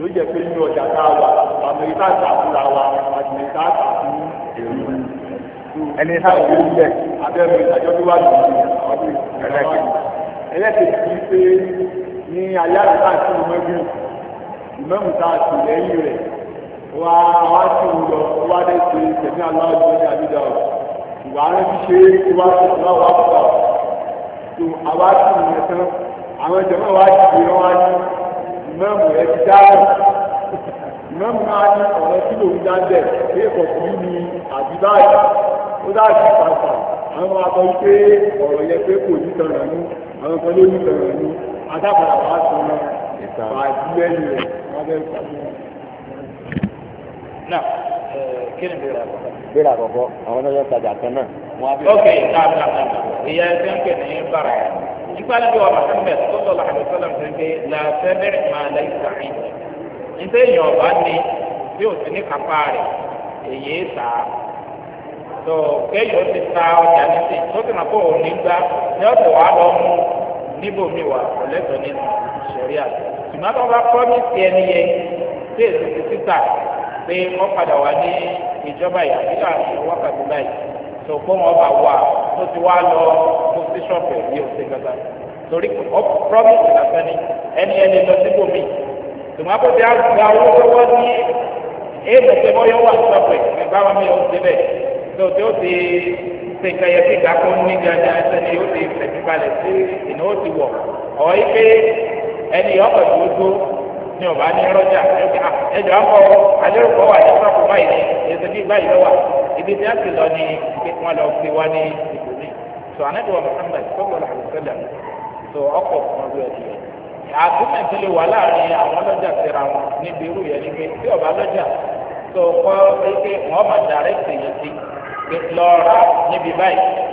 ló jẹ́ pé ní ọjà tá a wà àmì tá a tàkùrà wa àmì tá a tàkùn èrú ẹni tá a wọ́n bẹ̀ abẹ́rù ìdájọ́ tó wà lórí ọdún ẹlẹ́kẹ̀ẹ́ ẹlẹ́kẹ̀ẹ́ ti pé ní ayé àti àti ìmọ̀gbìn ìmọ̀mù tá a sì lẹ́yìn rẹ̀ wá wá sí òun lọ wá dé ṣe tẹ̀mí aláwọ̀ ní àbídà ìwà rẹ̀ ti ṣe wá sí aláwọ̀ àbúrò tó àwa sì ń tán àwọn ìjọba wa ti di wọn wá ní ìmáàmù rẹ̀ ti dáhùn ìmáàmù náà ní ọ̀rọ̀ kí lòun dáńdẹ̀ pé ọ̀kùnrin ni àdìbáyà ó dáàbí pàṣà àwọn akọ wípé ọ̀rọ̀ yẹ pé kò ní tọ̀rọ̀ ní àwọn kan ló ní tọ̀rọ̀ ní adápadà wàá sọ wọn pàdé ẹni rẹ̀ wọ́n fẹ́ pàdé wọn. náà eh, kí ni bèrè àkọ́kọ́. bèrè àkọ́kọ́ àwọn ọlọ́yọ̀ tajà kan náà. ok ká ká ká ìyá ẹgbẹ́ ń pè ní bàrà yàrá nípa ní wa Muhammad sallallahu alaihi wasallam ṣe pé làtẹ́lẹ̀ máa lẹ́yìn sàáyìn níta èèyàn ọba ni bí o ti ní kápá rẹ̀ èyí ta tó kéèyàn ti ta ọjà níbi tó ti nà kó o ní gbá ní ọ̀sẹ̀ wà lọ mú níbòmí wa ọ̀lẹ́tọ̀ nínú ìṣẹ̀rí àti ṣùgbọ́n bá kọ́ ní ti ẹni yẹn tí èsì ti títà pé wọ́n padà ní ìjọba ìyàgbé àti báyìí tó kó wọn bá wà tó ti wá lọ tó sí ṣọ́ọ̀bù ẹ̀ yóò ṣe gbàgbà torí promise lásán ni ẹni ẹni lọ síbò mí tòmọ́ àpótí àgbà owó lọ́wọ́ ní èèmọ̀ tẹ bọ́ yọ wà ṣọ́ọ̀bù ẹ̀ ẹ̀gbá wa mi ò ṣe bẹ́ẹ̀ tó tí ó ti ṣe nǹkan yẹn kí ìgbà kó ní gbàgbà ẹsẹ̀ ni ó ti fẹ̀síbalẹ̀ sí ìnáwó ti wọ̀ ọ̀ ní ọba ní rọjà ẹjọ ń bọ alẹ́rùkọ wà ní sọ́kù báyìí ní ètò bíi báyìí lọ́wọ́ ibi tí a ti lọ ní pé wọ́n lọ gbé wá ní ìbò mi tó anábì wa Muhammad sọ́kù ọ̀la àlùfẹ́lẹ̀ tó ọkọ̀ fún ọdún ẹ̀dí yẹn. àtúntò lè wà láàrin àwọn ọlọ́jà síra wọn níbi irú yẹn ni tí ọba lọ́jà tó kọ́ pé wọ́n máa dàrẹ́tì yẹn sí lọ́ọ̀rà níbi báyìí